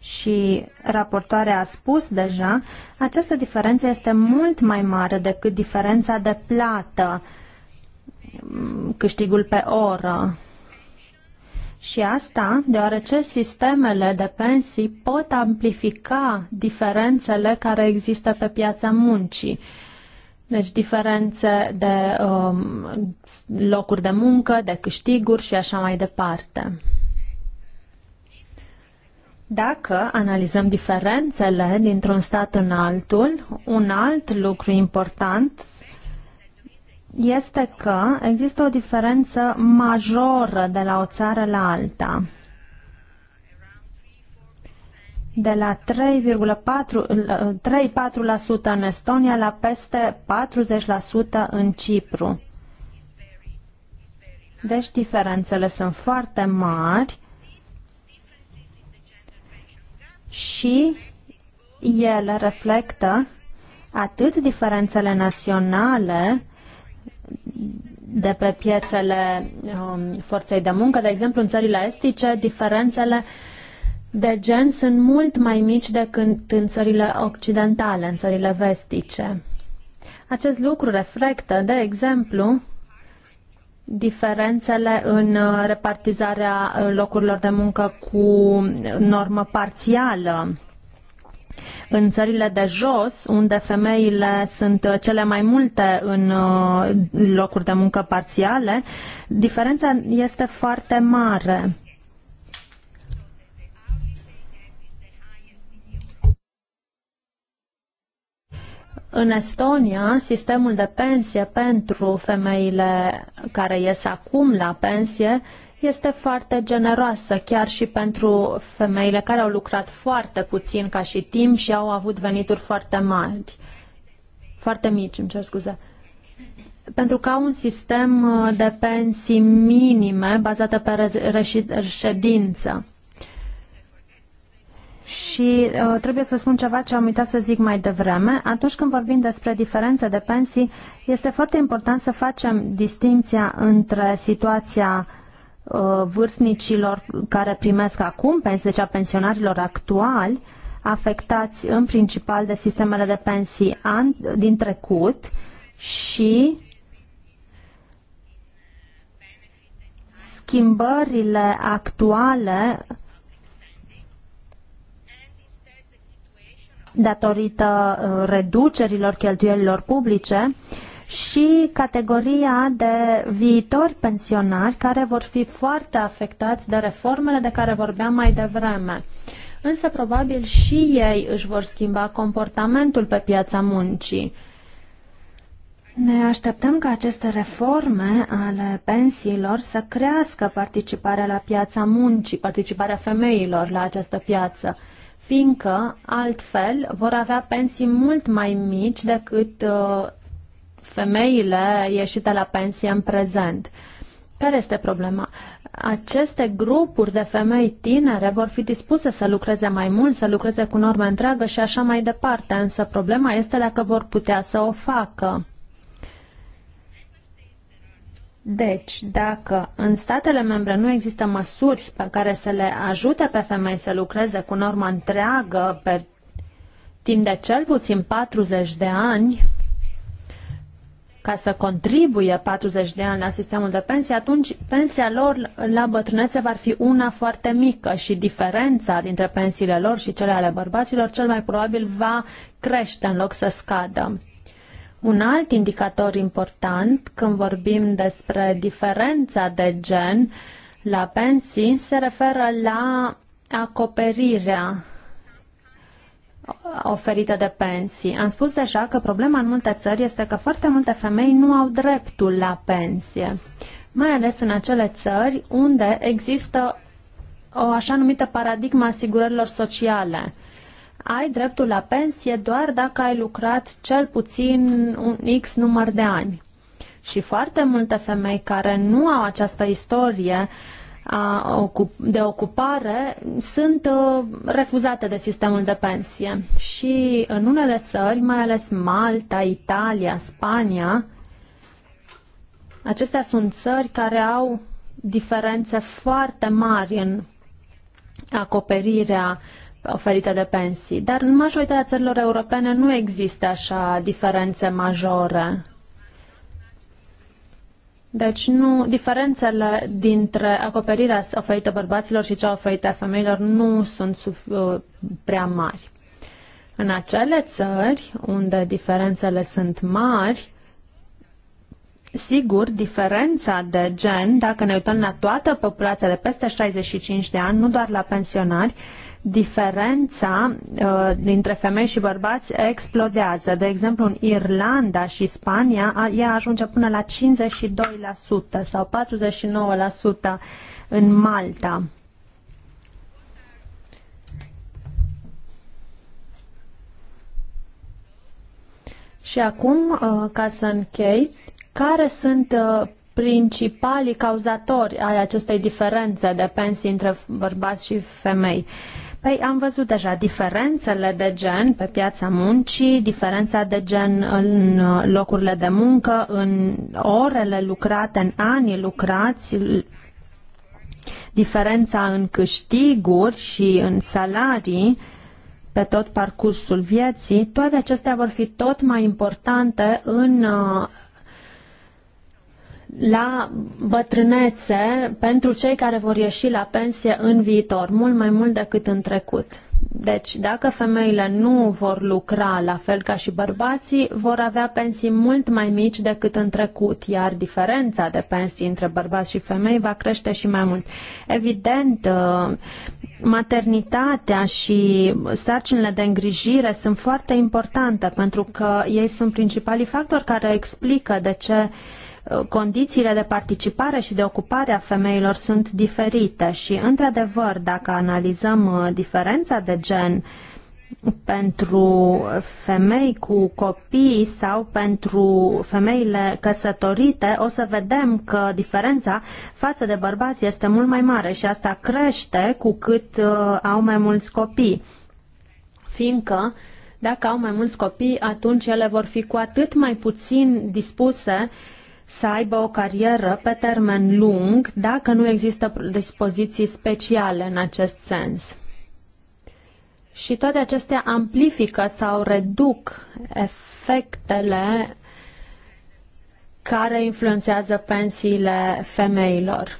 și raportoarea a spus deja, această diferență este mult mai mare decât diferența de plată, um, câștigul pe oră. Și asta deoarece sistemele de pensii pot amplifica diferențele care există pe piața muncii. Deci diferențe de um, locuri de muncă, de câștiguri și așa mai departe. Dacă analizăm diferențele dintr-un stat în altul, un alt lucru important este că există o diferență majoră de la o țară la alta. De la 3,4% în Estonia la peste 40% în Cipru. Deci diferențele sunt foarte mari și ele reflectă atât diferențele naționale, de pe piețele um, forței de muncă. De exemplu, în țările estice, diferențele de gen sunt mult mai mici decât în țările occidentale, în țările vestice. Acest lucru reflectă, de exemplu, diferențele în uh, repartizarea uh, locurilor de muncă cu normă parțială în țările de jos, unde femeile sunt uh, cele mai multe în uh, locuri de muncă parțiale, diferența este foarte mare. În Estonia, sistemul de pensie pentru femeile care ies acum la pensie este foarte generoasă, chiar și pentru femeile care au lucrat foarte puțin ca și timp și au avut venituri foarte mari, foarte mici, îmi cer scuze. Pentru că au un sistem uh, de pensii minime bazate pe reședință. Și uh, trebuie să spun ceva ce am uitat să zic mai devreme. Atunci când vorbim despre diferențe de pensii, este foarte important să facem distinția între situația Uh, vârstnicilor care primesc acum pensii, deci a pensionarilor actuali, afectați în principal de sistemele de pensii an, din trecut și schimbările actuale datorită uh, reducerilor cheltuielilor publice uh, și categoria de viitori pensionari care vor fi foarte afectați de reformele de care vorbeam mai devreme. Însă probabil și ei își vor schimba comportamentul pe piața muncii. Ne așteptăm ca aceste reforme ale pensiilor să crească participarea la piața muncii, participarea femeilor la această piață, fiindcă altfel vor avea pensii mult mai mici decât uh, femeile ieșite la pensie în prezent. Care este problema? Aceste grupuri de femei tinere vor fi dispuse să lucreze mai mult, să lucreze cu normă întreagă și așa mai departe, însă problema este dacă vor putea să o facă. Deci, dacă în statele membre nu există măsuri pe care să le ajute pe femei să lucreze cu normă întreagă pe timp de cel puțin 40 de ani, ca să contribuie 40 de ani la sistemul de pensie, atunci pensia lor la bătrânețe va fi una foarte mică și diferența dintre pensiile lor și cele ale bărbaților cel mai probabil va crește în loc să scadă. Un alt indicator important când vorbim despre diferența de gen la pensii se referă la acoperirea oferite de pensii. Am spus deja că problema în multe țări este că foarte multe femei nu au dreptul la pensie, mai ales în acele țări unde există o așa numită paradigma asigurărilor sociale. Ai dreptul la pensie doar dacă ai lucrat cel puțin un X număr de ani. Și foarte multe femei care nu au această istorie uh, de ocupare sunt uh, refuzate de sistemul de pensie. Și în unele țări, mai ales Malta, Italia, Spania, acestea sunt țări care au diferențe foarte mari în acoperirea oferită de pensii. Dar în majoritatea țărilor europene nu există așa diferențe majore. Deci nu, diferențele dintre acoperirea oferită bărbaților și cea oferită femeilor nu sunt sub, uh, prea mari. În acele țări unde diferențele sunt mari, sigur, diferența de gen, dacă ne uităm la toată populația de peste 65 de ani, nu doar la pensionari, uh, diferența uh, dintre femei și bărbați explodează. De exemplu, în Irlanda și Spania, a, ea ajunge până la 52% sau 49% în Malta. Și acum, uh, ca să închei, care sunt uh, principalii cauzatori ai acestei diferențe de pensii între bărbați și femei? Uh, Păi am văzut deja diferențele de gen pe piața muncii, diferența de gen în uh, locurile de muncă, în orele lucrate, în anii lucrați, diferența în câștiguri și în salarii pe tot parcursul vieții, toate acestea vor fi tot mai importante în uh, la bătrânețe pentru cei care vor ieși la pensie în viitor, mult mai mult decât în trecut. Deci, dacă femeile nu vor lucra la fel ca și bărbații, vor avea pensii mult mai mici decât în trecut, iar diferența de pensii între bărbați și femei va crește și mai mult. Evident, uh, maternitatea și sarcinile de îngrijire sunt foarte importante pentru că ei sunt principalii factori care explică de ce Uh, condițiile de participare și de ocupare a femeilor sunt diferite și, într-adevăr, dacă analizăm uh, diferența de gen pentru femei cu copii sau pentru femeile căsătorite, o să vedem că diferența față de bărbați este mult mai mare și asta crește cu cât uh, au mai mulți copii. Fiindcă dacă au mai mulți copii, atunci ele vor fi cu atât mai puțin dispuse uh, să aibă o carieră pe termen lung dacă nu există dispoziții speciale în acest sens. Și toate acestea amplifică sau reduc efectele care influențează pensiile femeilor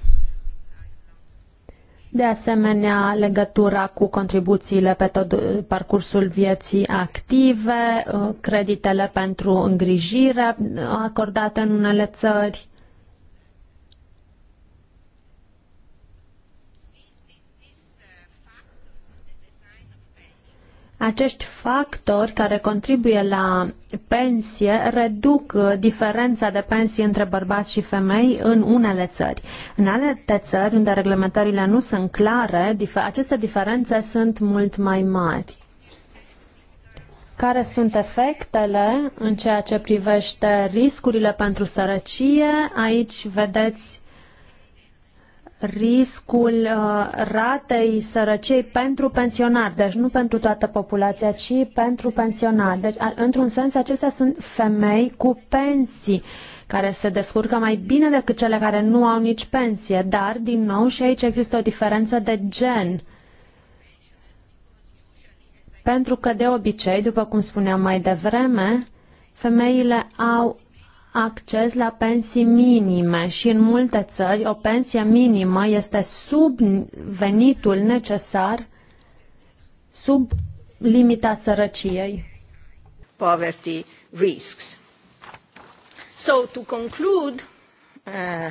de asemenea legătura cu contribuțiile pe tot parcursul vieții active, uh, creditele pentru îngrijire acordate în unele țări, acești factori care contribuie la pensie reduc uh, diferența de pensie între bărbați și femei în unele țări. În alte țări, unde reglementările nu sunt clare, aceste diferențe sunt mult mai mari. Care sunt efectele în ceea ce privește riscurile pentru sărăcie? Aici vedeți riscul uh, ratei sărăciei pentru pensionari, deci nu pentru toată populația, ci pentru pensionari. Deci, într-un sens, acestea sunt femei cu pensii care se descurcă mai bine decât cele care nu au nici pensie, dar, din nou, și aici există o diferență de gen. Pentru că, de obicei, după cum spuneam mai devreme, femeile au acces la pensii minime și în multe țări o pensie minimă este sub venitul necesar, sub limita sărăciei. Poverty risks. So to conclude, uh,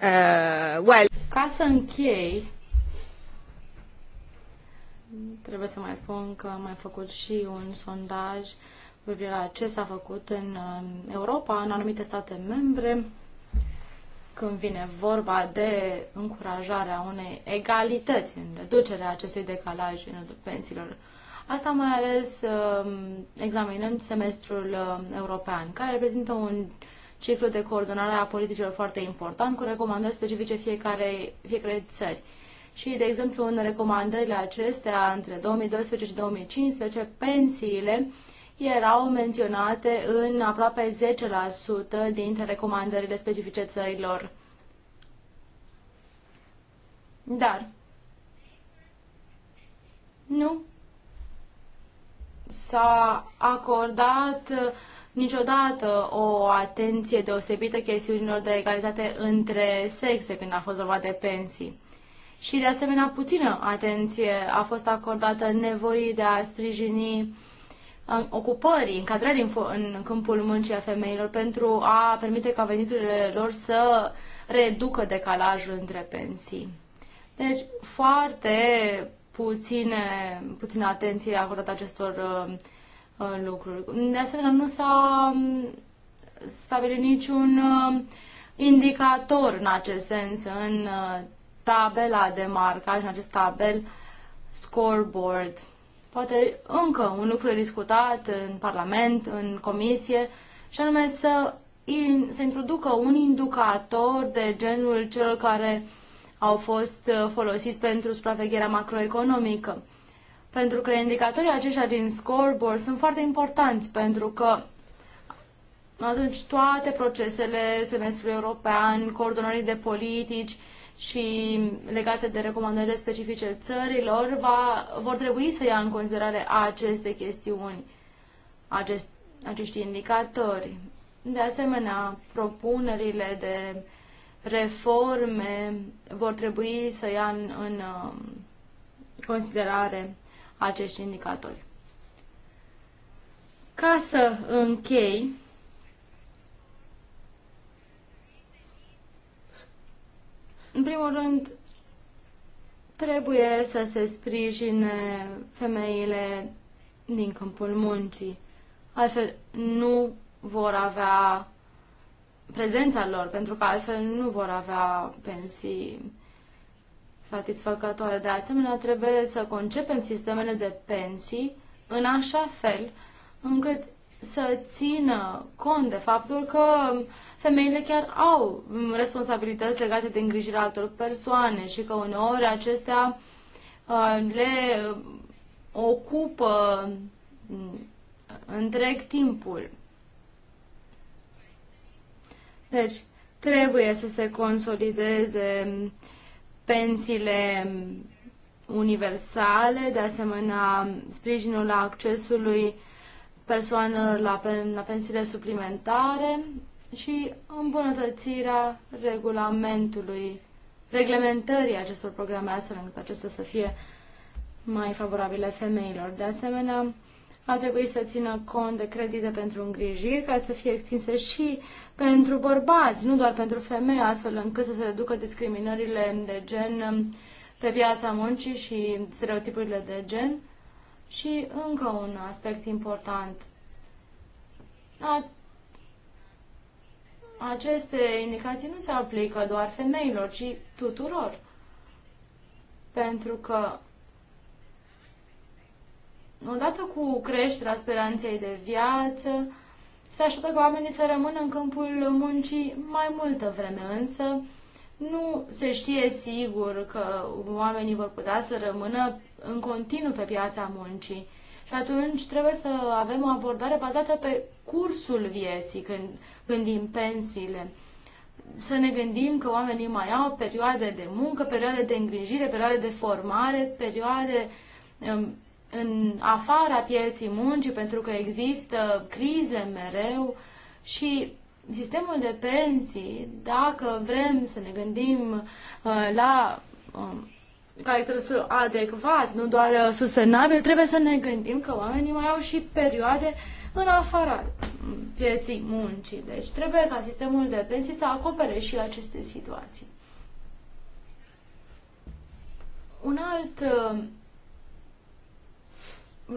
uh, well... Ca să închei, trebuie să mai spun că am mai făcut și un sondaj uh, privire la ce s-a făcut în um, Europa, în anumite state membre, când vine vorba de încurajarea unei egalități în reducerea acestui decalaj în pensiilor. Asta mai ales um, examinând semestrul um, european, care reprezintă un ciclu de coordonare a politicilor foarte important, cu recomandări specifice fiecare, fiecare țări. Și, de exemplu, în recomandările acestea, între 2012 și 2015, pensiile uh, erau menționate în aproape 10% dintre recomandările specifice țărilor. Dar nu s-a acordat niciodată o atenție deosebită chestiunilor de egalitate între sexe când a fost vorba de pensii. Și de asemenea puțină atenție a fost acordată nevoii de a sprijini ocupării, încadrării în, în câmpul muncii a femeilor pentru a permite ca veniturile lor să reducă decalajul între pensii. Deci, foarte puține, puțină atenție acordată acestor uh, uh, lucruri. De asemenea, nu s-a um, stabilit niciun uh, indicator în acest sens în uh, tabela de marcaj, în acest tabel scoreboard poate încă un lucru discutat în Parlament, în Comisie, și anume să se introducă un indicator de genul celor care au fost uh, folosiți pentru supravegherea macroeconomică. Pentru că indicatorii aceștia din scoreboard sunt foarte importanți, pentru că atunci toate procesele semestrului european, coordonării de politici, și legate de recomandările specifice țărilor, va, vor trebui să ia în considerare aceste chestiuni, acest, acești indicatori. De asemenea, propunerile de reforme vor trebui să ia în, în um, considerare acești indicatori. Ca să închei, În primul rând, trebuie să se sprijine femeile din câmpul muncii. Altfel nu vor avea prezența lor, pentru că altfel nu vor avea pensii satisfăcătoare. De asemenea, trebuie să concepem sistemele de pensii în așa fel încât să țină cont de faptul că femeile chiar au mm, responsabilități legate de îngrijirea altor persoane și că uneori acestea uh, le uh, ocupă mm, întreg timpul. Deci, trebuie să se consolideze pensiile mm, universale, de asemenea sprijinul accesului persoanelor la, pen, la pensiile suplimentare și îmbunătățirea regulamentului, reglementării acestor programe astfel încât acestea să fie mai favorabile femeilor. De asemenea, ar trebui să țină cont de credite pentru îngrijiri, care să fie extinse și pentru bărbați, nu doar pentru femei, astfel încât să se reducă discriminările de gen pe piața muncii și stereotipurile de gen și încă un aspect important. A, aceste indicații nu se aplică doar femeilor, ci tuturor. Pentru că odată cu creșterea speranței de viață, se așteaptă că oamenii să rămână în câmpul muncii mai multă vreme, însă nu se știe sigur că oamenii vor putea să rămână în continuu pe piața muncii. Și atunci trebuie să avem o abordare bazată pe cursul vieții, când gândim pensiile. Să ne gândim că oamenii mai au perioade de muncă, perioade de îngrijire, perioade de formare, perioade um, în afara pieții muncii, pentru că există crize mereu și sistemul de pensii, dacă vrem să ne gândim uh, la um, caracterul adecvat, nu doar uh, sustenabil, trebuie să ne gândim că oamenii mai au și perioade în afara pieții muncii. Deci trebuie ca sistemul de pensii să acopere și aceste situații. Un alt uh,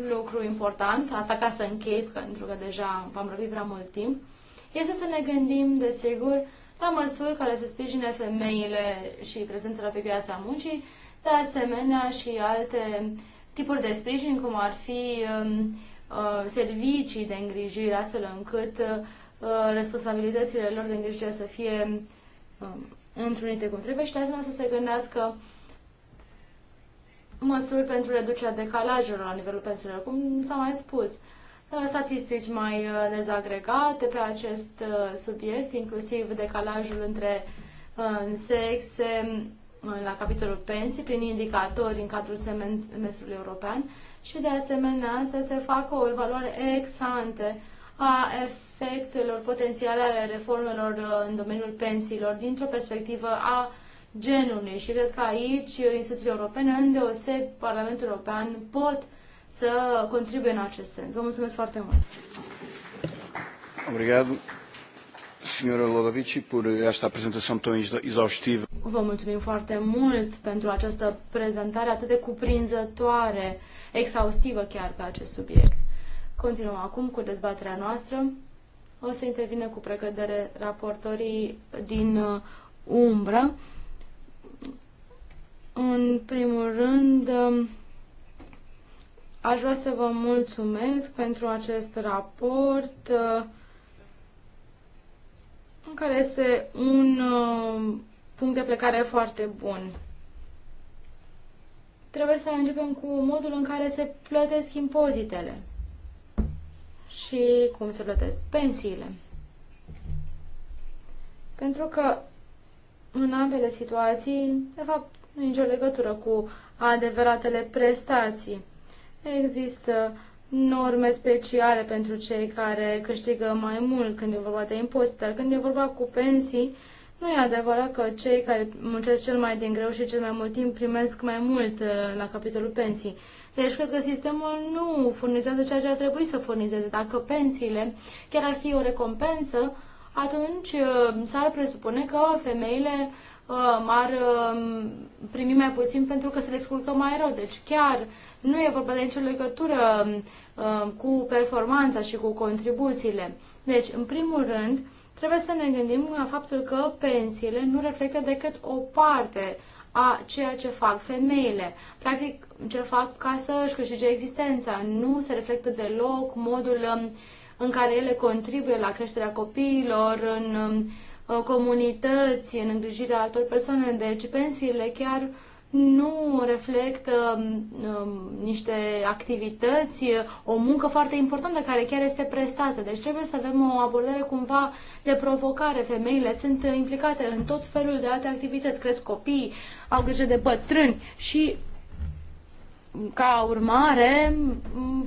lucru important, asta ca să închei, pentru că deja v-am răbit prea mult timp, este să ne gândim, desigur, la măsuri care să sprijine femeile și prezența pe piața muncii, de asemenea și alte tipuri de sprijin, cum ar fi um, uh, servicii de îngrijire, astfel încât uh, responsabilitățile lor de îngrijire să fie um, întrunite cum trebuie și de asemenea să se gândească măsuri pentru reducerea decalajelor la nivelul pensiilor, cum s-a mai spus, uh, statistici mai dezagregate pe acest subiect, inclusiv decalajul între sexe, la capitolul pensii prin indicatori în cadrul semestrului european și de asemenea să se facă o evaluare ex ante a efectelor potențiale ale reformelor uh, în domeniul pensiilor dintr-o perspectivă a genului și cred că aici uh, instituțiile europene, îndeoseb Parlamentul European, pot să contribuie în acest sens. Vă mulțumesc foarte mult! Obrigado senhora Lodovici, por esta apresentação Vă mulțumim foarte mult pentru această prezentare atât de cuprinzătoare, exhaustivă chiar pe acest subiect. Continuăm acum cu dezbaterea noastră. O să intervine cu precădere raportorii din uh, umbră. În primul rând, um, aș vrea să vă mulțumesc pentru acest raport uh, care este un uh, punct de plecare foarte bun. Trebuie să începem cu modul în care se plătesc impozitele și cum se plătesc pensiile. Pentru că în ambele situații, de fapt, nu e nicio legătură cu adevăratele prestații. Există norme speciale pentru cei care câștigă mai mult când e vorba de impozite, dar când e vorba cu pensii, nu e adevărat că cei care muncesc cel mai din greu și cel mai mult timp primesc mai mult uh, la capitolul pensii. Deci cred că sistemul nu furnizează ceea ce ar trebui să furnizeze. Dacă pensiile chiar ar fi o recompensă, atunci uh, s-ar presupune că femeile uh, ar um, primi mai puțin pentru că se descurcă mai rău. Deci chiar uh, nu e vorba de nicio legătură uh, cu performanța și cu contribuțiile. Deci, în primul rând, trebuie să ne gândim la faptul că pensiile nu reflectă decât o parte a ceea ce fac femeile. Practic, ce fac ca să își câștige existența. Nu se reflectă deloc modul um, în care ele contribuie la creșterea copiilor, în um, comunități, în îngrijirea altor persoane. Deci, pensiile chiar uh, nu reflectă um, um, niște activități, o muncă foarte importantă care chiar este prestată. Deci trebuie să avem o abordare cumva de provocare. Femeile sunt implicate în tot felul de alte activități. Cresc copii, au grijă de bătrâni și ca urmare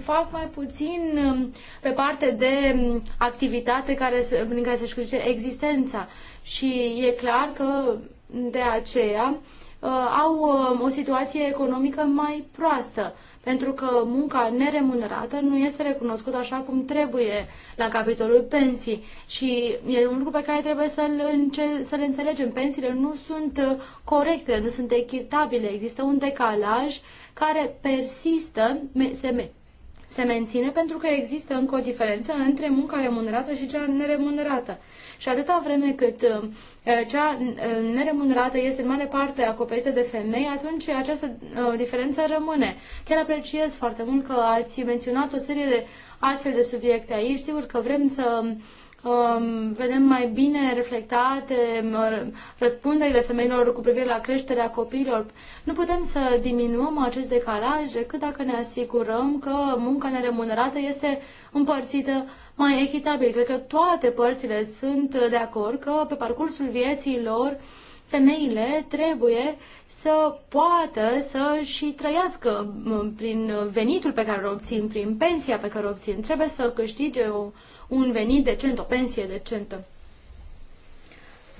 fac mai puțin um, pe parte de um, activitate care, prin care se și existența. Și e clar că de aceea Uh, au uh, o situație economică mai proastă, pentru că munca neremunerată nu este recunoscută așa cum trebuie la capitolul pensii. Și e un lucru pe care trebuie să-l, înce- să înțelegem. Pensiile nu sunt uh, corecte, nu sunt echitabile, există un decalaj care persistă, se se menține pentru că există încă o diferență între munca remunerată și cea neremunerată. Și atâta vreme cât uh, cea uh, neremunerată este în mare parte acoperită de femei, atunci această uh, diferență rămâne. Chiar apreciez foarte mult că ați menționat o serie de astfel de subiecte aici. Sigur că vrem să Um, vedem mai bine reflectate um, răspunderile femeilor cu privire la creșterea copiilor. Nu putem să diminuăm acest decalaj decât dacă ne asigurăm că munca neremunerată este împărțită mai echitabil. Cred că toate părțile sunt de acord că pe parcursul vieții lor femeile trebuie să poată să și trăiască um, prin venitul pe care îl obțin, prin pensia pe care o obțin. Trebuie să câștige o, un venit decent, o pensie decentă.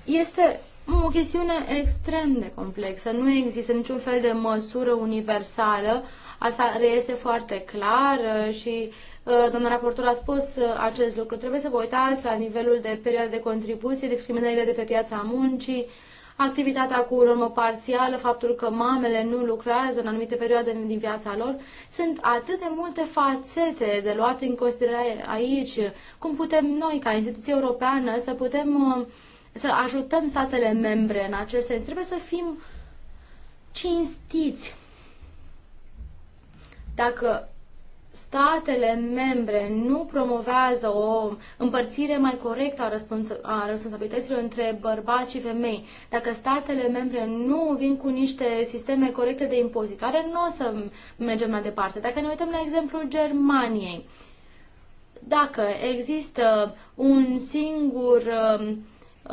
Este o chestiune extrem de complexă. Nu există niciun fel de măsură universală. Asta reiese foarte clar uh, și uh, domnul raportor a spus uh, acest lucru. Trebuie să vă uitați la nivelul de perioadă de contribuție, discriminările de pe piața muncii, activitatea cu urmă parțială, faptul că mamele nu lucrează în anumite perioade din viața lor. Sunt atât de multe fațete de luat în considerare aici, cum putem noi, ca instituție europeană, să putem uh, să ajutăm statele membre în acest sens. Trebuie să fim cinstiți. Dacă statele membre nu promovează o împărțire mai corectă a, răspuns- a responsabilităților între bărbați și femei, dacă statele membre nu vin cu niște sisteme corecte de impozitare, nu o să mergem mai departe. Dacă ne uităm la exemplul Germaniei, dacă există un singur um,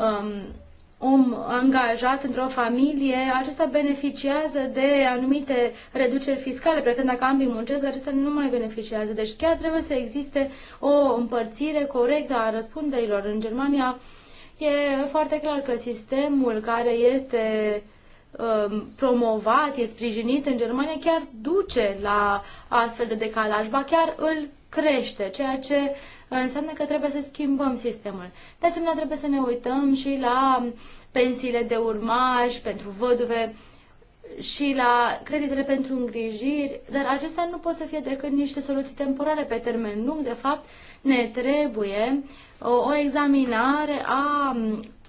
um om angajat într-o familie, acesta beneficiază de anumite reduceri fiscale, că dacă ambii muncesc, acesta nu mai beneficiază. Deci chiar trebuie să existe o împărțire corectă a răspunderilor. În Germania e foarte clar că sistemul care este um, promovat, e sprijinit în Germania, chiar duce la astfel de decalaj, ba chiar îl crește, ceea ce uh, înseamnă că trebuie să schimbăm sistemul. De asemenea, trebuie să ne uităm și la pensiile de urmași pentru văduve și la creditele pentru îngrijiri, dar acestea nu pot să fie decât niște soluții temporare pe termen lung. De fapt, ne trebuie o, o examinare a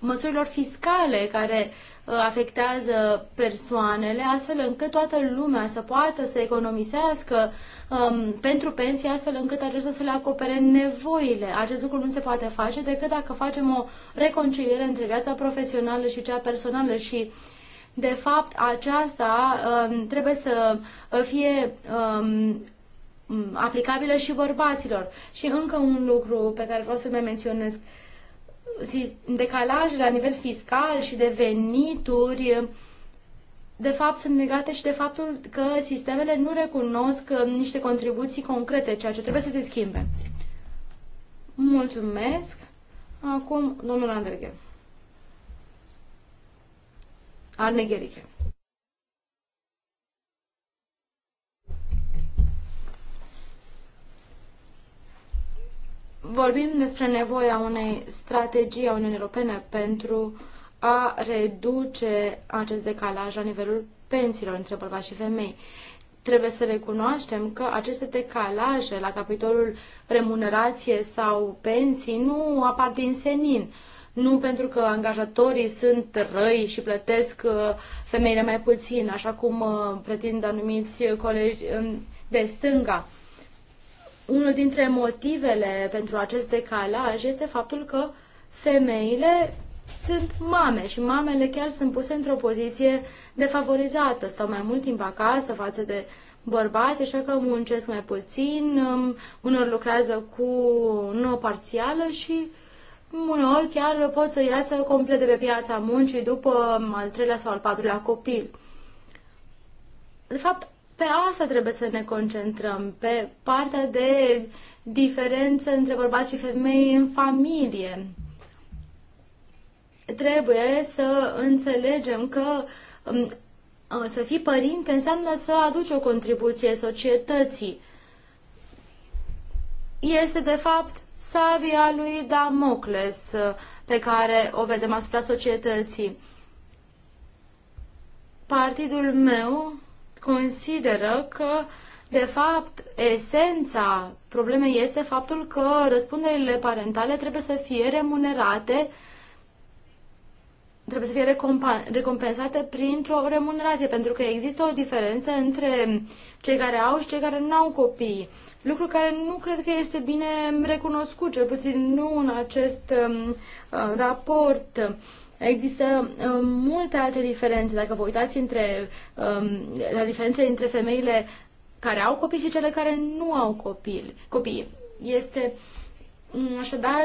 măsurilor fiscale care uh, afectează persoanele, astfel încât toată lumea să poată să economisească um, pentru pensii, astfel încât acestea să le acopere nevoile. Acest lucru nu se poate face decât dacă facem o reconciliere între viața profesională și cea personală și de fapt, aceasta um, trebuie să uh, fie um, aplicabilă și bărbaților. Și încă un lucru pe care vreau să-l mai menționez. Uh, decalaje la nivel fiscal și de venituri, de fapt, sunt legate și de faptul că sistemele nu recunosc uh, niște contribuții concrete, ceea ce trebuie să se schimbe. Mulțumesc. Acum, domnul Andrege. Arne Gheriche. vorbim despre nevoia unei strategii a Uniunii Europene pentru a reduce acest decalaj la nivelul pensiilor între bărbați și femei. Trebuie să recunoaștem că aceste decalaje la capitolul remunerație sau pensii nu apar din senin. Nu pentru că angajatorii sunt răi și plătesc uh, femeile mai puțin, așa cum uh, pretind anumiți colegi um, de stânga unul dintre motivele pentru acest decalaj este faptul că femeile sunt mame și mamele chiar sunt puse într-o poziție defavorizată, stau mai mult timp acasă față de bărbați, așa că muncesc mai puțin, um, unor lucrează cu nouă parțială și uneori chiar pot să iasă complet de pe piața muncii după al treilea sau al patrulea copil. De fapt, pe asta trebuie să ne concentrăm, pe partea de diferență între bărbați și femei în familie. Trebuie să înțelegem că um, uh, să fii părinte înseamnă să aduci o contribuție societății. Este, de fapt, sabia lui Damocles uh, pe care o vedem asupra societății. Partidul meu consideră că, de fapt, esența problemei este faptul că răspunderile parentale trebuie să fie remunerate trebuie să fie recompensate printr-o remunerație, pentru că există o diferență între cei care au și cei care nu au copii. Lucru care nu cred că este bine recunoscut, cel puțin nu în acest um, uh, raport. Există um, multe alte diferențe. Dacă vă uitați între, um, la diferențele dintre femeile care au copii și cele care nu au copil, copii, este um, așadar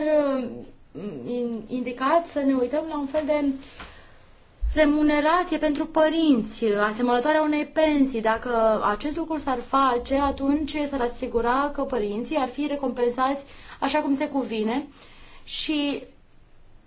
um, indicat să ne uităm la un fel de remunerație pentru părinți, asemănătoarea unei pensii. Dacă acest lucru s-ar face, atunci s-ar asigura că părinții ar fi recompensați așa cum se cuvine și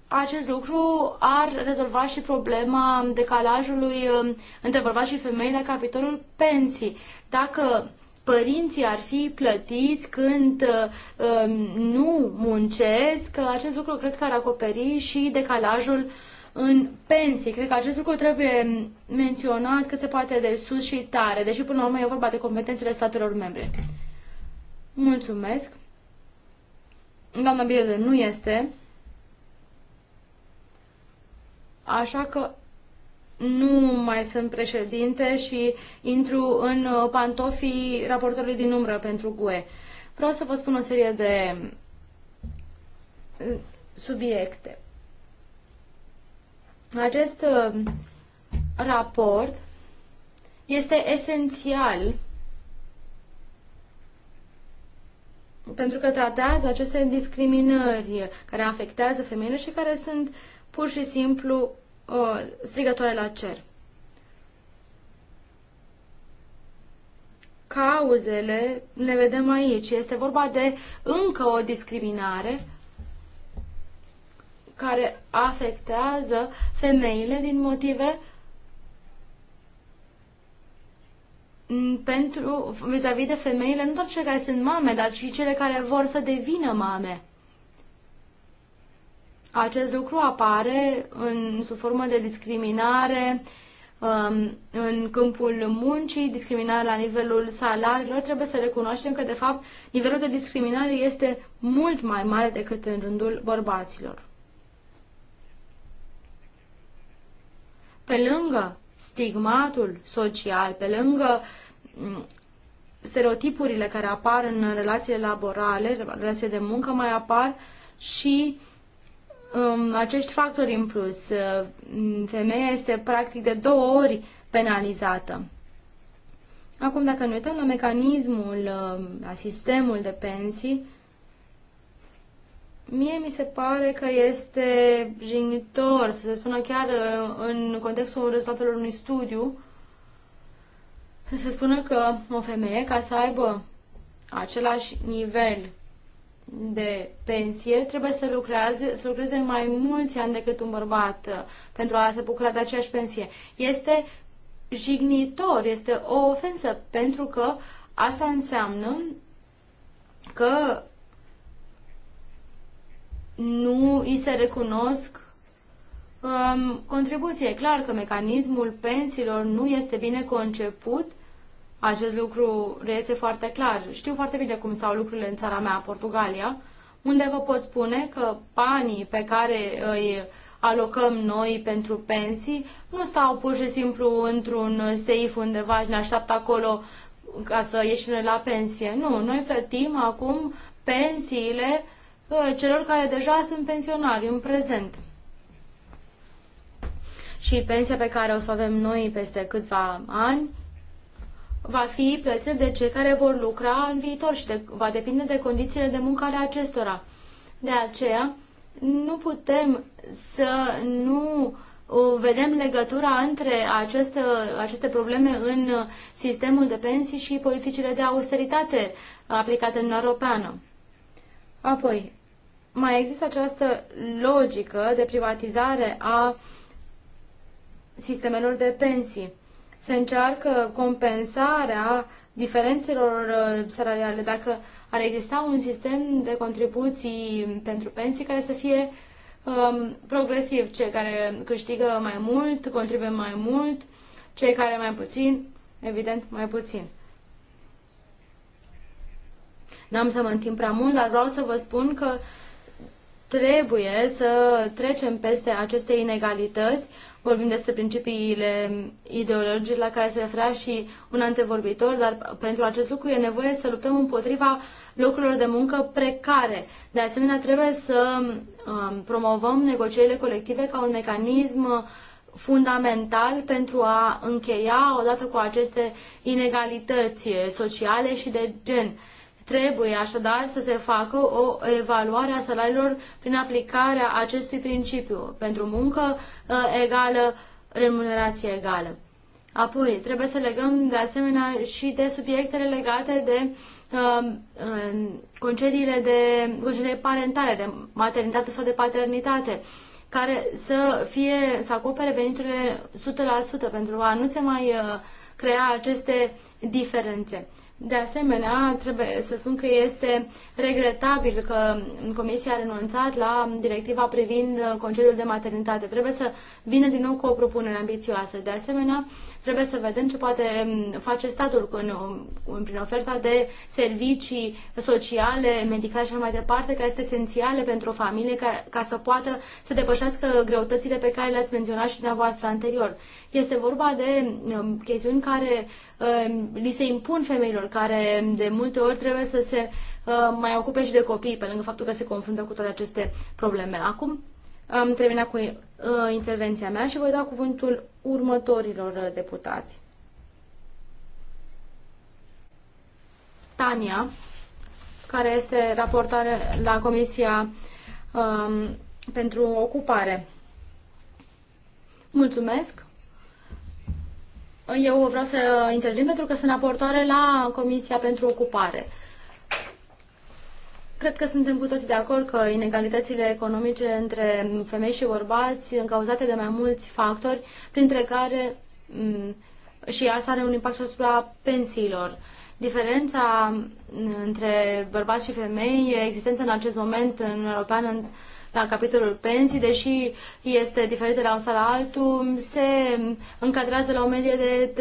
acest lucru ar rezolva și problema decalajului um, între bărbați și femei la capitolul pensii. Dacă părinții ar fi plătiți când uh, nu muncesc, acest lucru cred că ar acoperi și decalajul în pensii. Cred că acest lucru trebuie menționat cât se poate de sus și tare, deși până la urmă e vorba de competențele statelor membre. Mulțumesc. Doamna Birele nu este. Așa că nu mai sunt președinte și intru în uh, pantofii raportorului din umbră pentru GUE. Vreau să vă spun o serie de uh, subiecte. Acest uh, raport este esențial pentru că tratează aceste discriminări care afectează femeile și care sunt uh, pur și simplu uh, strigătoare la cer. Cauzele le vedem aici. Este vorba de încă o discriminare care afectează femeile din motive pentru vis-a-vis -vis de femeile, nu doar cele care sunt mame, dar și cele care vor să devină mame. Acest lucru apare în, sub formă de discriminare um, în câmpul muncii, discriminare la nivelul salariilor. Trebuie să recunoaștem că, de fapt, nivelul de discriminare este mult mai mare decât în rândul bărbaților. Pe lângă stigmatul social, pe lângă mm, stereotipurile care apar în relațiile laborale, relațiile de muncă, mai apar și um, acești factori în plus. Uh, femeia este practic de două ori penalizată. Acum, dacă ne uităm la mecanismul, la uh, sistemul de pensii, mie mi se pare că este jignitor, să se spună chiar uh, în contextul rezultatelor unui studiu, să se spună că o femeie, ca să aibă același nivel de pensie trebuie să lucreze, să lucreze mai mulți ani decât un bărbat uh, pentru a se bucura de aceeași pensie. Este jignitor, este o ofensă, pentru că asta înseamnă că nu îi se recunosc um, contribuție. E clar că mecanismul pensiilor nu este bine conceput acest lucru reiese foarte clar. Știu foarte bine cum stau lucrurile în țara mea, Portugalia, unde vă pot spune că banii pe care îi alocăm noi pentru pensii nu stau pur și simplu într-un seif undeva și ne așteaptă acolo ca să ieșim la pensie. Nu, noi plătim acum pensiile uh, celor care deja sunt pensionari în prezent. Și pensia pe care o să o avem noi peste câțiva ani va fi plătită de cei care vor lucra în viitor și de, va depinde de condițiile de muncă ale acestora. De aceea, nu putem să nu uh, vedem legătura între aceste, aceste probleme în sistemul de pensii și politicile de austeritate aplicate în Europeană. Apoi, mai există această logică de privatizare a sistemelor de pensii se încearcă compensarea diferențelor uh, salariale, dacă ar exista un sistem de contribuții pentru pensii care să fie um, progresiv, cei care câștigă mai mult, contribuie mai mult, cei care mai puțin, evident, mai puțin. Nu am să mă întind prea mult, dar vreau să vă spun că trebuie să trecem peste aceste inegalități. Vorbim despre principiile ideologice la care se referea și un antevorbitor, dar pentru acest lucru e nevoie să luptăm împotriva locurilor de muncă precare. De asemenea, trebuie să um, promovăm negocierile colective ca un mecanism fundamental pentru a încheia odată cu aceste inegalități sociale și de gen Trebuie așadar să se facă o evaluare a salariilor prin aplicarea acestui principiu pentru muncă uh, egală, remunerație egală. Apoi, trebuie să legăm de asemenea și de subiectele legate de uh, concediile de concediile parentale, de maternitate sau de paternitate, care să fie să acopere veniturile 100% pentru a nu se mai uh, crea aceste diferențe. De asemenea, trebuie să spun că este regretabil că Comisia a renunțat la directiva privind uh, concediul de maternitate. Trebuie să vină din nou cu o propunere ambițioasă. De asemenea, Trebuie să vedem ce poate um, face statul în, um, prin oferta de servicii sociale, medicale și mai departe, care este esențiale pentru o familie ca, ca să poată să depășească greutățile pe care le-ați menționat și dumneavoastră anterior. Este vorba de um, chestiuni care li se impun femeilor, care de multe ori trebuie să se uh, mai ocupe și de copii, pe lângă faptul că se confruntă cu toate aceste probleme. Acum, am terminat cu uh, intervenția mea și voi da cuvântul următorilor uh, deputați. Tania, care este raportare la Comisia um, pentru Ocupare. Mulțumesc! Eu vreau să intervin pentru că sunt raportoare la Comisia pentru Ocupare. Cred că suntem cu toți de acord că inegalitățile economice între femei și bărbați, cauzate de mai mulți factori, printre care mm, și asta are un impact asupra pensiilor. Diferența mm, între bărbați și femei existentă în acest moment în European în, la capitolul pensii, deși este diferită la un stat la altul, se încadrează la o medie de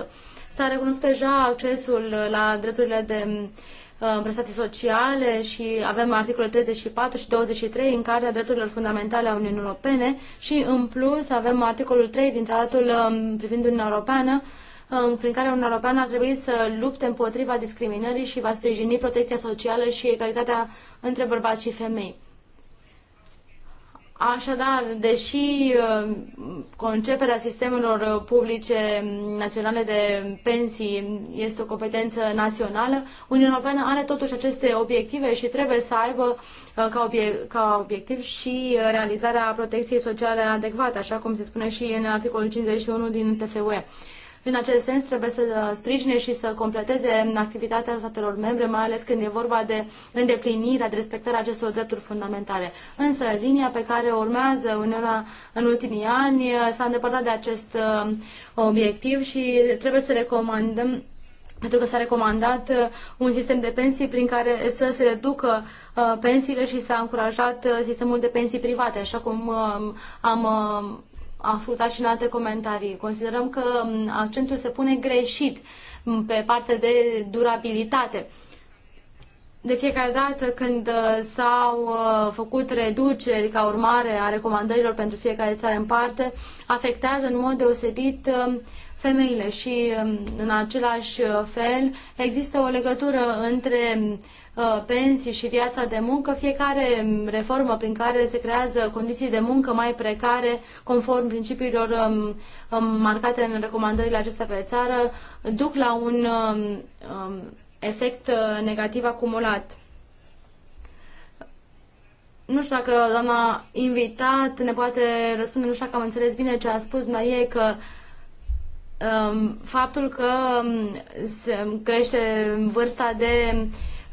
38%. S-a recunoscut deja accesul la drepturile de uh, Uh, prestații sociale și avem articolul 34 și 23 în Cartea Drepturilor Fundamentale a Uniunii Europene și în plus avem articolul 3 din tratatul um, privind Uniunea Europeană uh, prin care Uniunea Europeană ar trebui să lupte împotriva discriminării și va sprijini protecția socială și egalitatea între bărbați și femei. Așadar, deși uh, conceperea sistemelor uh, publice mm, naționale de pensii este o competență națională, Uniunea Europeană are totuși aceste obiective și trebuie să aibă uh, ca, ca obiectiv și realizarea protecției sociale adecvate, așa cum se spune și în articolul 51 din TFUE. În acest sens, trebuie să uh, sprijine și să completeze activitatea statelor membre, mai ales când e vorba de îndeplinirea, de respectarea acestor drepturi fundamentale. Însă, linia pe care urmează Uniunea în ultimii ani uh, s-a îndepărtat de acest uh, obiectiv și trebuie să recomandăm pentru că s-a recomandat un sistem de pensii prin care să se reducă pensiile și s-a încurajat sistemul de pensii private, așa cum am ascultat și în alte comentarii. Considerăm că mm, accentul se pune greșit mm, pe partea de durabilitate de fiecare dată când uh, s-au uh, făcut reduceri ca urmare a recomandărilor pentru fiecare țară în parte, afectează în mod deosebit uh, femeile și um, în același fel există o legătură între pensii și viața de muncă, fiecare um, reformă prin care se creează condiții de muncă mai precare, conform principiilor um, marcate în recomandările acestea pe țară, duc la un efect uh, negativ acumulat. Nu știu dacă doamna invitat ne poate răspunde, nu știu dacă am înțeles bine ce a spus Marie, că um, faptul că um, se crește vârsta de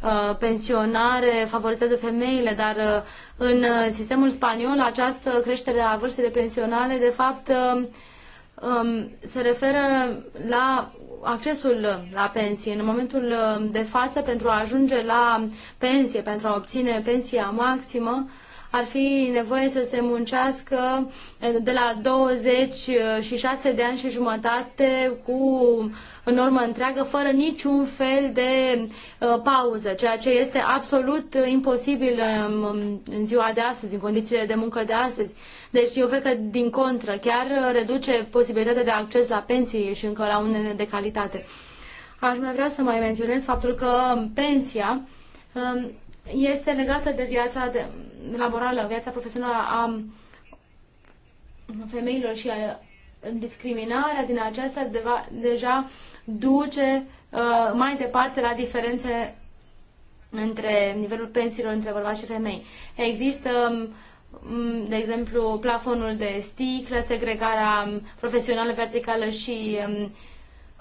uh, pensionare favorizează femeile, dar uh, în sistemul spaniol această creștere a vârstei de pensionare, de fapt, uh, um, se referă la accesul la pensie în momentul uh, de față pentru a ajunge la pensie, pentru a obține pensia maximă, uh, ar fi nevoie să se muncească eh, de la 26 eh, de ani și jumătate cu normă întreagă, fără niciun fel de eh, pauză, ceea ce este absolut imposibil în ziua de astăzi, în condițiile de muncă de astăzi. Deci eu cred că, din contră, chiar reduce posibilitatea de acces la pensii și încă la unele de calitate. Aș mai vrea să mai menționez faptul că pensia este legată de viața de laborală, viața profesională a femeilor și a discriminarea din aceasta deva, deja duce uh, mai departe la diferențe între nivelul pensiilor între bărbați și femei. Există um, um de exemplu, plafonul de sticlă, segregarea profesională verticală și um,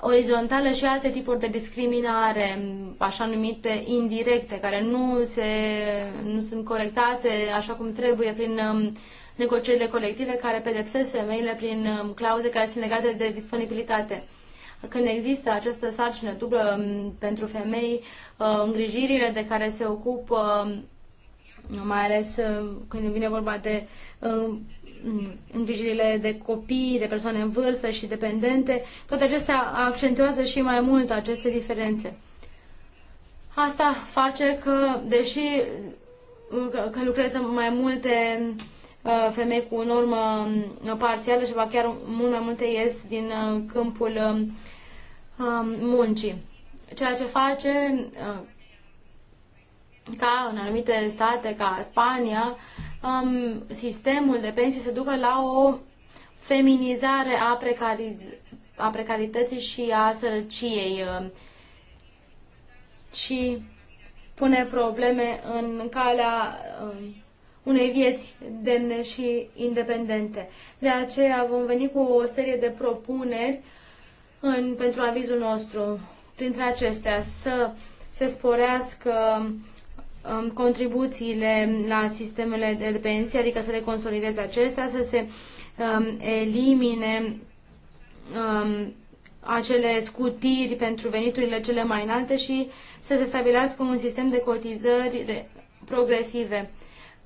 orizontală și alte tipuri de discriminare, așa numite indirecte, care nu, se, nu sunt corectate așa cum trebuie prin um, negocierile colective care pedepsesc femeile prin um, clauze care sunt legate de disponibilitate. Când există această sarcină dublă um, pentru femei, uh, îngrijirile de care se ocupă mai ales uh, când vine vorba de uh, Mm, îngrijirile de copii, de persoane în vârstă și dependente, toate acestea accentuează și mai mult aceste diferențe. Asta face că, deși că, că lucrează mai multe uh, femei cu normă mm, parțială și va chiar mult mai multe ies din uh, câmpul um, um, muncii. Ceea ce face uh, ca în anumite state, ca Spania, um, sistemul de pensii să ducă la o feminizare a, precariz- a precarității și a sărăciei uh, și pune probleme în calea uh, unei vieți demne și independente. De aceea vom veni cu o serie de propuneri în, pentru avizul nostru. Printre acestea, să se sporească Um, contribuțiile la sistemele de pensie, adică să le consolideze acestea, să se um, elimine um, acele scutiri pentru veniturile cele mai înalte și să se stabilească un sistem de cotizări de progresive,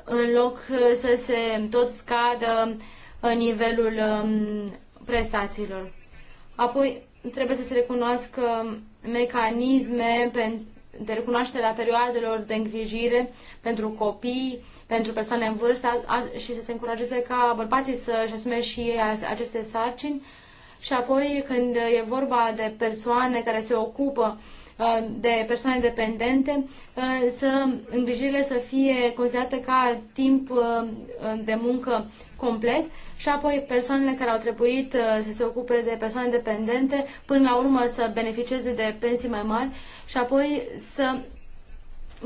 în loc uh, să se tot scadă uh, nivelul prestațiilor. Apoi trebuie să se recunoască mecanisme pentru de recunoașterea perioadelor de îngrijire pentru copii, pentru persoane în vârstă și să se încurajeze ca bărbații să-și asume și ei aceste sarcini. Și apoi, când e vorba de persoane care se ocupă uh, Uh, de persoane dependente, uh, să îngrijirile să fie considerate ca timp uh, de muncă complet și apoi persoanele care au trebuit să se ocupe de persoane dependente până la urmă să beneficieze de pensii mai mari și apoi să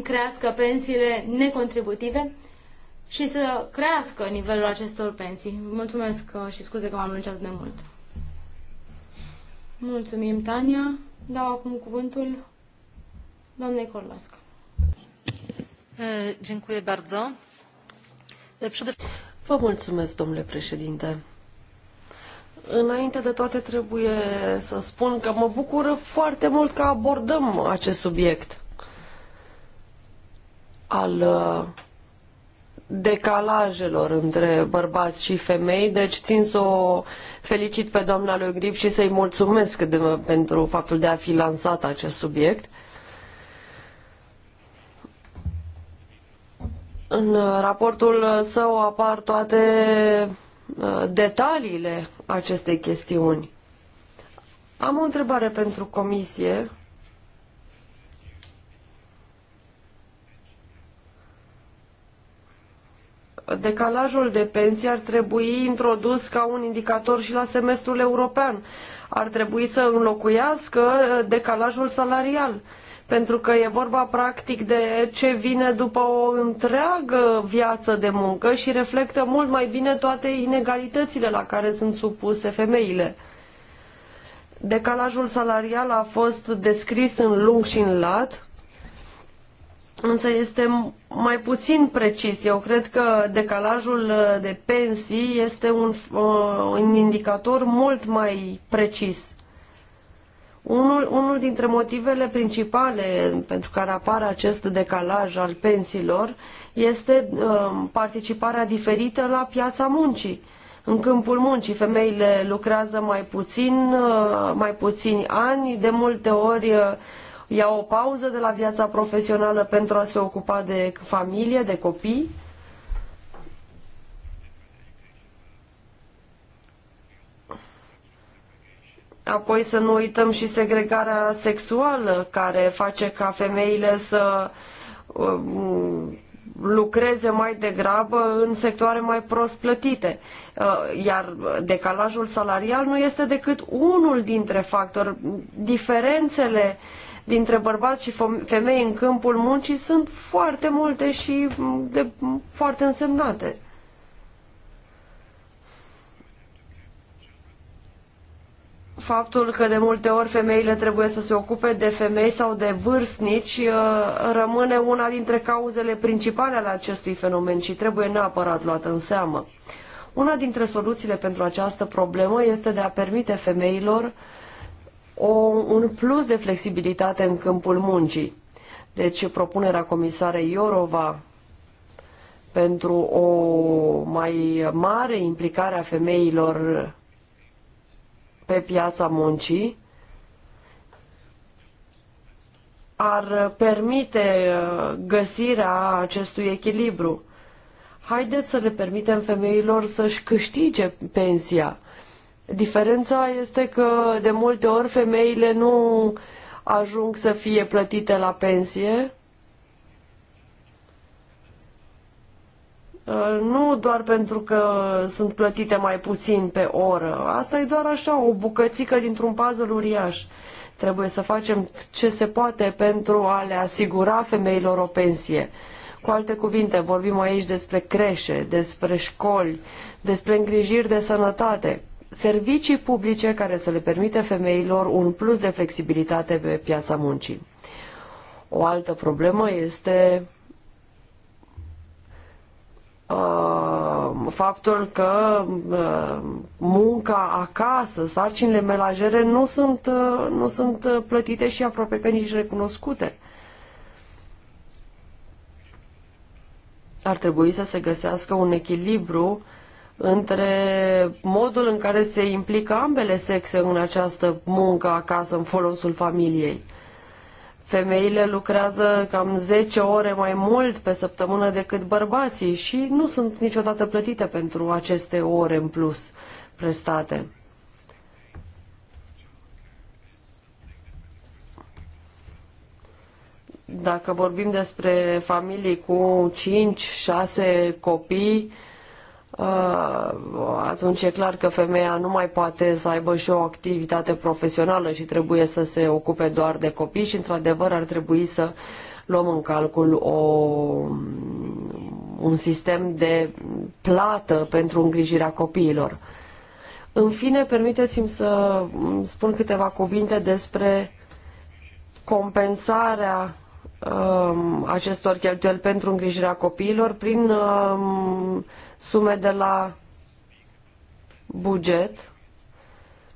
crească pensiile necontributive și să crească nivelul acestor pensii. Mulțumesc și scuze că m-am lungit de mult. Mulțumim, Tania. Dau acum cuvântul doamnei Corlasca. Dziękuję bardzo. Vă mulțumesc, domnule președinte. Înainte de toate trebuie să spun că mă bucură foarte mult că abordăm acest subiect al decalajelor între bărbați și femei, deci țin să o felicit pe doamna lui Grip și să-i mulțumesc de, pentru faptul de a fi lansat acest subiect. În raportul său apar toate uh, detaliile acestei chestiuni. Am o întrebare pentru comisie decalajul de pensii ar trebui introdus ca un indicator și la semestrul european. Ar trebui să înlocuiască uh, decalajul salarial pentru că e vorba practic de ce vine după o întreagă viață de muncă și reflectă mult mai bine toate inegalitățile la care sunt supuse femeile. Decalajul salarial a fost descris în lung și în lat însă este mai puțin precis. Eu cred că decalajul de pensii este un, uh, un indicator mult mai precis. Unul, unul dintre motivele principale pentru care apare acest decalaj al pensiilor este uh, participarea diferită la piața muncii. În câmpul muncii, femeile lucrează mai puțin, uh, mai puțini ani, de multe ori ia o pauză de la viața profesională pentru a se ocupa de familie, de copii. Apoi să nu uităm și segregarea sexuală care face ca femeile să um, lucreze mai degrabă în sectoare mai prost plătite. Uh, iar decalajul salarial nu este decât unul dintre factori. Diferențele dintre bărbați și femei în câmpul muncii sunt foarte multe și mm, de, mm, foarte însemnate. Faptul că de multe ori femeile trebuie să se ocupe de femei sau de vârstnici uh, rămâne una dintre cauzele principale ale acestui fenomen și trebuie neapărat luată în seamă. Una dintre soluțiile pentru această problemă este de a permite femeilor o, un plus de flexibilitate în câmpul muncii. Deci propunerea comisarei Iorova pentru o mai mare implicare a femeilor pe piața muncii ar permite uh, găsirea acestui echilibru. Haideți să le permitem femeilor să-și câștige pensia Diferența este că de multe ori femeile nu ajung să fie plătite la pensie. Uh, nu doar pentru că sunt plătite mai puțin pe oră. Asta e doar așa, o bucățică dintr-un puzzle uriaș. Trebuie să facem ce se poate pentru a le asigura femeilor o pensie. Cu alte cuvinte, vorbim aici despre creșe, despre școli, despre îngrijiri de sănătate – servicii publice care să le permită femeilor un plus de flexibilitate pe piața muncii. O altă problemă este uh, faptul că uh, munca acasă, sarcinile melajere nu sunt, uh, nu sunt plătite și aproape că nici recunoscute. Ar trebui să se găsească un echilibru uh, între modul în care se implică ambele sexe în această muncă acasă, în folosul familiei. Femeile lucrează cam 10 ore mai mult pe săptămână decât bărbații și nu sunt niciodată plătite pentru aceste ore în plus prestate. Dacă vorbim despre familii cu 5-6 copii, Uh, atunci e clar că femeia nu mai poate să aibă și o activitate profesională și trebuie să se ocupe doar de copii și într-adevăr ar trebui să luăm în calcul o, un sistem de plată pentru îngrijirea copiilor. În fine, permiteți-mi să spun câteva cuvinte despre compensarea um, acestor cheltuieli pentru îngrijirea copiilor prin um, sume de la buget.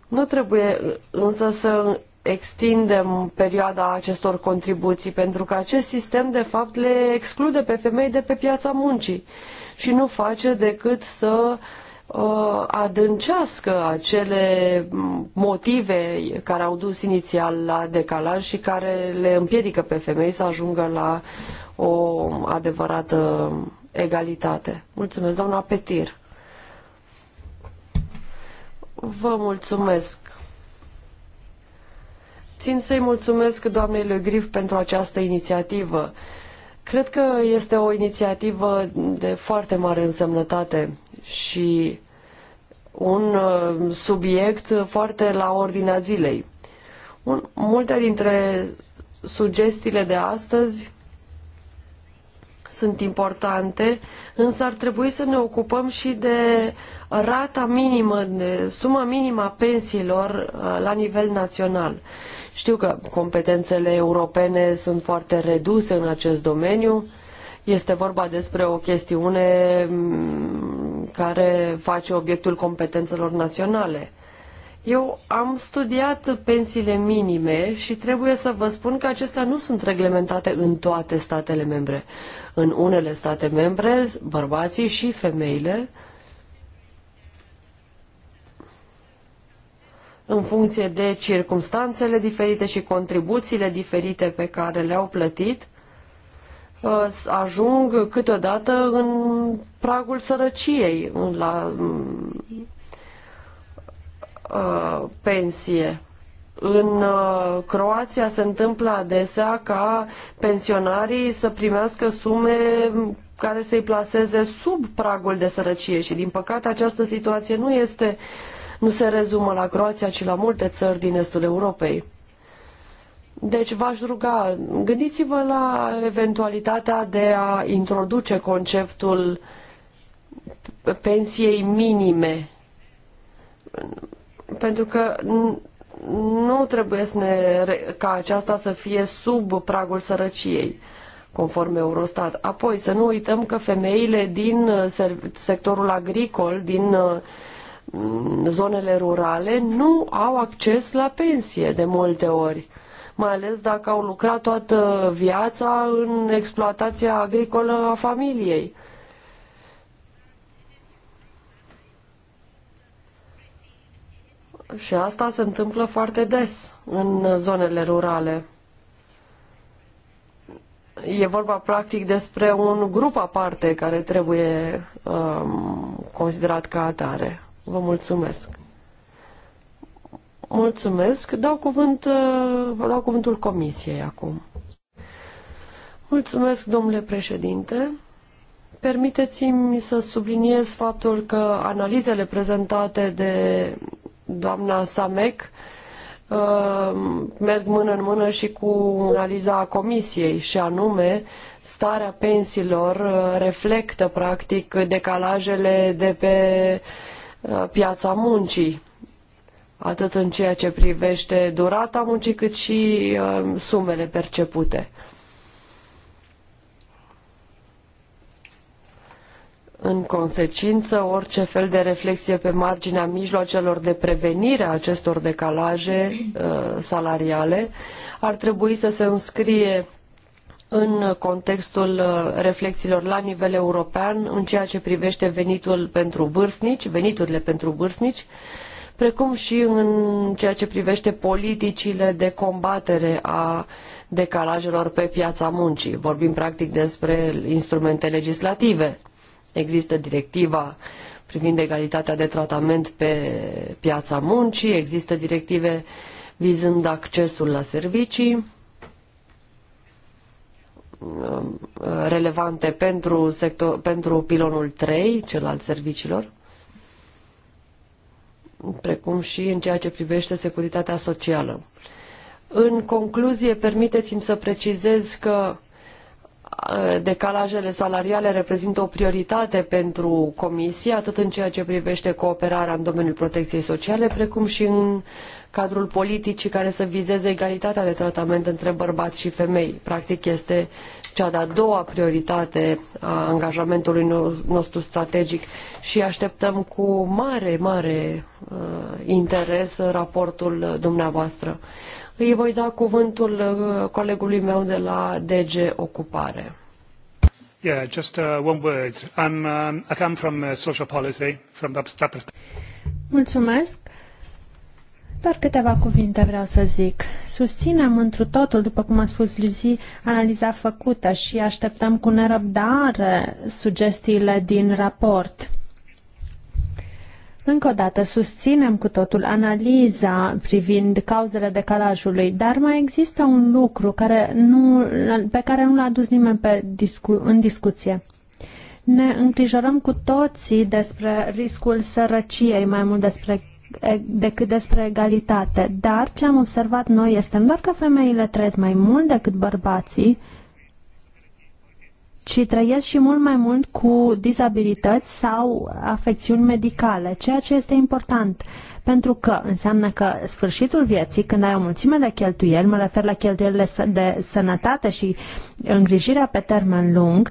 Nu trebuie însă să extindem perioada acestor contribuții, pentru că acest sistem, de fapt, le exclude pe femei de pe piața muncii și nu face decât să uh, adâncească acele motive care au dus inițial la decalaj și care le împiedică pe femei să ajungă la o adevărată egalitate. Mulțumesc, doamna Petir. Vă mulțumesc. Țin să-i mulțumesc doamnei Le Grif pentru această inițiativă. Cred că este o inițiativă de foarte mare însemnătate și un uh, subiect foarte la ordinea zilei. Un, multe dintre sugestiile de astăzi sunt importante, însă ar trebui să ne ocupăm și de rata minimă, de suma minimă a pensiilor uh, la nivel național. Știu că competențele europene sunt foarte reduse în acest domeniu. Este vorba despre o chestiune mm, care face obiectul competențelor naționale. Eu am studiat pensiile minime și trebuie să vă spun că acestea nu sunt reglementate în toate statele membre. În unele state membre, bărbații și femeile, în funcție de circumstanțele diferite și contribuțiile diferite pe care le-au plătit, uh, ajung câteodată în pragul sărăciei, la mm, uh, pensie. În uh, Croația se întâmplă adesea ca pensionarii să primească sume care să-i placeze sub pragul de sărăcie și din păcate această situație nu este nu se rezumă la Croația, ci la multe țări din estul Europei. Deci v-aș ruga, gândiți-vă la eventualitatea de a introduce conceptul pensiei minime. Pentru că nu trebuie să ne, ca aceasta să fie sub pragul sărăciei conform Eurostat. Apoi, să nu uităm că femeile din uh, sectorul agricol, din uh, zonele rurale, nu au acces la pensie de multe ori, mai ales dacă au lucrat toată viața în exploatația agricolă a familiei. Și asta se întâmplă foarte des în zonele rurale. E vorba practic despre un grup aparte care trebuie um, considerat ca atare. Vă mulțumesc. Mulțumesc. Dau, cuvânt, uh, vă dau cuvântul comisiei acum. Mulțumesc, domnule președinte. Permiteți-mi să subliniez faptul că analizele prezentate de doamna Samec uh, merg mână în mână și cu analiza comisiei și anume starea pensiilor uh, reflectă practic decalajele de pe uh, piața muncii atât în ceea ce privește durata muncii cât și sumele percepute. În consecință, orice fel de reflexie pe marginea mijloacelor de prevenire a acestor decalaje uh, salariale ar trebui să se înscrie în contextul uh, reflexiilor la nivel european în ceea ce privește venitul pentru vârstnici, veniturile pentru vârstnici, precum și în ceea ce privește politicile de combatere a decalajelor pe piața muncii. Vorbim practic despre instrumente legislative. Există directiva privind egalitatea de tratament pe piața muncii, există directive vizând accesul la servicii um, relevante pentru, sector, pentru pilonul 3, cel al serviciilor, precum și în ceea ce privește securitatea socială. În concluzie, permiteți-mi să precizez că Eh, decalajele salariale reprezintă o prioritate pentru Comisie, atât în ceea ce privește cooperarea în domeniul protecției sociale, precum și în cadrul politicii care să vizeze egalitatea de tratament între bărbați și femei. Practic este cea de-a doua prioritate a angajamentului nostru strategic și așteptăm cu mare, mare uh, interes raportul dumneavoastră. Uh, îi voi da cuvântul uh, colegului meu de la DG Ocupare. Yeah, just uh, one word. I'm, uh, I come from uh, social policy, from that perspective. Mulțumesc. Doar câteva cuvinte vreau să zic. Susținem întru totul, după cum a spus Luzi, analiza făcută și așteptăm cu nerăbdare sugestiile din raport. Încă o dată, susținem cu totul analiza privind cauzele decalajului, dar mai există un lucru care nu, pe care nu l-a adus nimeni pe discu- în discuție. Ne îngrijorăm cu toții despre riscul sărăciei, mai mult despre decât despre egalitate. Dar ce am observat noi este doar că femeile trăiesc mai mult decât bărbații, ci trăiesc și mult mai mult cu dizabilități sau afecțiuni medicale, ceea ce este important. Pentru că înseamnă că sfârșitul vieții, când ai o mulțime de cheltuieli, mă refer la cheltuielile de sănătate și îngrijirea pe termen lung,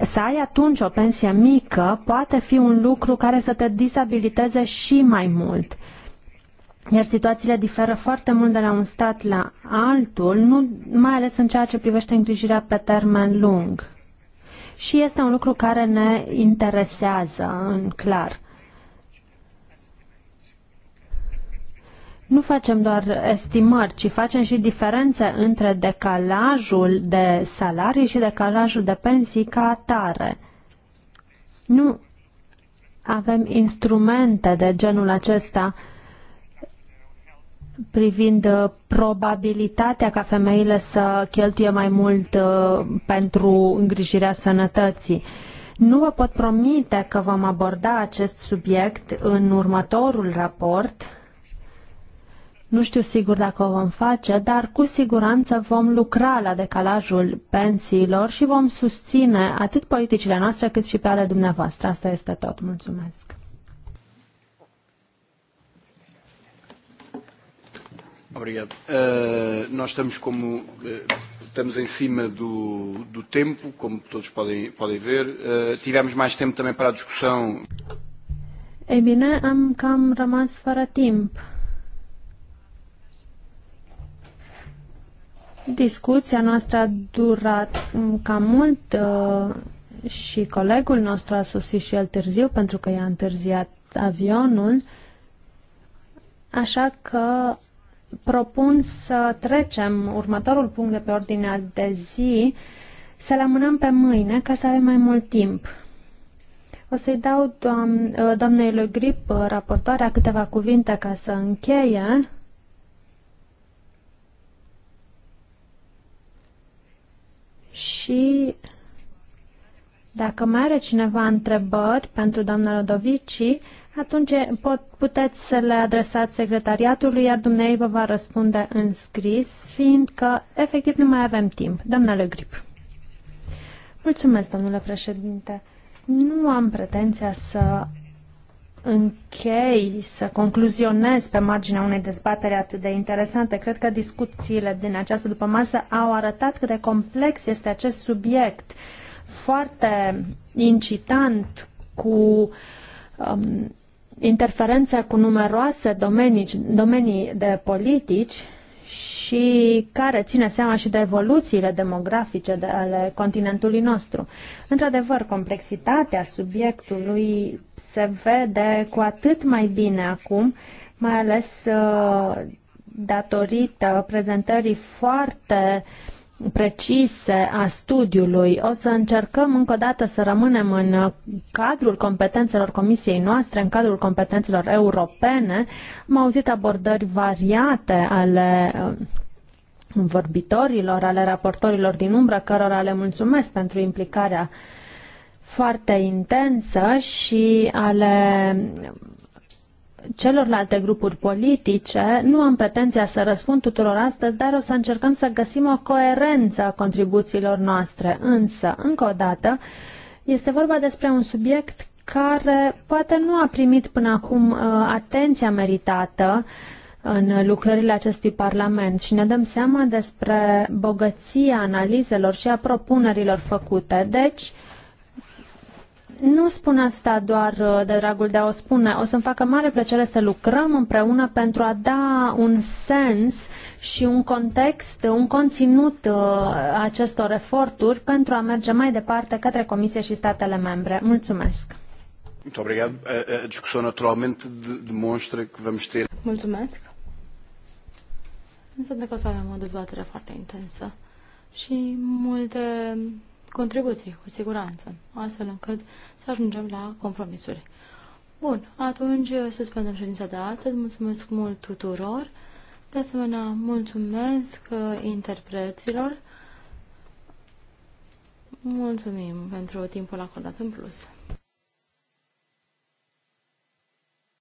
să ai atunci o pensie mică poate fi un lucru care să te disabiliteze și mai mult. Iar situațiile diferă foarte mult de la un stat la altul, nu, mai ales în ceea ce privește îngrijirea pe termen lung și este un lucru care ne interesează în clar. Nu facem doar estimări, ci facem și diferențe între decalajul de salarii și decalajul de pensii ca atare. Nu avem instrumente de genul acesta uh, privind uh, probabilitatea ca femeile să cheltuie mai mult uh, pentru îngrijirea sănătății. Nu vă pot promite că vom aborda acest subiect în următorul raport. Nu știu sigur dacă o vom face, dar cu siguranță vom lucra la decalajul pensiilor și vom susține atât politicile noastre cât și pe ale dumneavoastră. Asta este tot. Mulțumesc. Obrigado. Uh, nós estamos como uh, estamos em cima do, do tempo, como todos podem, podem ver. Uh, tivemos mais tempo também para a discussão. Ei bine, am cam rămas fără timp. Discuția noastră a durat cam mult uh, și colegul nostru a sosit și el târziu pentru că i-a întârziat avionul. Așa că propun să trecem următorul punct de pe ordinea de zi, să-l amânăm pe mâine ca să avem mai mult timp. O să-i dau doam- uh, doamnei lui Grip, uh, raportoarea, câteva cuvinte ca să încheie. Și dacă mai are cineva întrebări pentru doamna Rodovici, atunci pot, puteți să le adresați secretariatului, iar dumnei vă va răspunde în scris, fiindcă efectiv nu mai avem timp. Doamna Le Grip. Mulțumesc, domnule președinte. Nu am pretenția să închei, să concluzionez pe marginea unei dezbatere atât de interesante. Cred că discuțiile din această dupămasă au arătat cât de complex este acest subiect. Uh, foarte incitant cu um, interferențe cu numeroase domenii, domenii de politici și care ține seama și de evoluțiile demografice de, ale continentului nostru. Într-adevăr, complexitatea subiectului se vede cu atât mai bine acum, mai ales uh, datorită prezentării foarte uh, precise a studiului. O să încercăm încă o dată să rămânem în cadrul competențelor comisiei noastre, în cadrul competențelor europene. Am auzit abordări variate ale um, vorbitorilor, ale raportorilor din umbră, cărora le mulțumesc pentru implicarea foarte intensă și ale celorlalte grupuri politice. Nu am pretenția să răspund tuturor astăzi, dar o să încercăm să găsim o coerență a contribuțiilor noastre. Însă, încă o dată, este vorba despre un subiect care poate nu a primit până acum uh, atenția meritată în lucrările acestui Parlament și ne dăm seama despre bogăția analizelor și a propunerilor făcute. Deci, uh, nu spun asta da doar uh, de dragul de a o spune. O să-mi facă mare plăcere să lucrăm împreună pentru a da un sens și un context, un conținut uh, acestor eforturi pentru a merge mai departe către Comisie și statele membre. Mulțumesc! Mulțumesc. Înseamnă că o să avem o dezbatere foarte intensă și multe contribuții, cu siguranță, astfel încât să ajungem la compromisuri. Bun, atunci suspendăm ședința de astăzi. Mulțumesc mult tuturor. De asemenea, mulțumesc uh, interpreților. Mulțumim pentru timpul acordat în plus.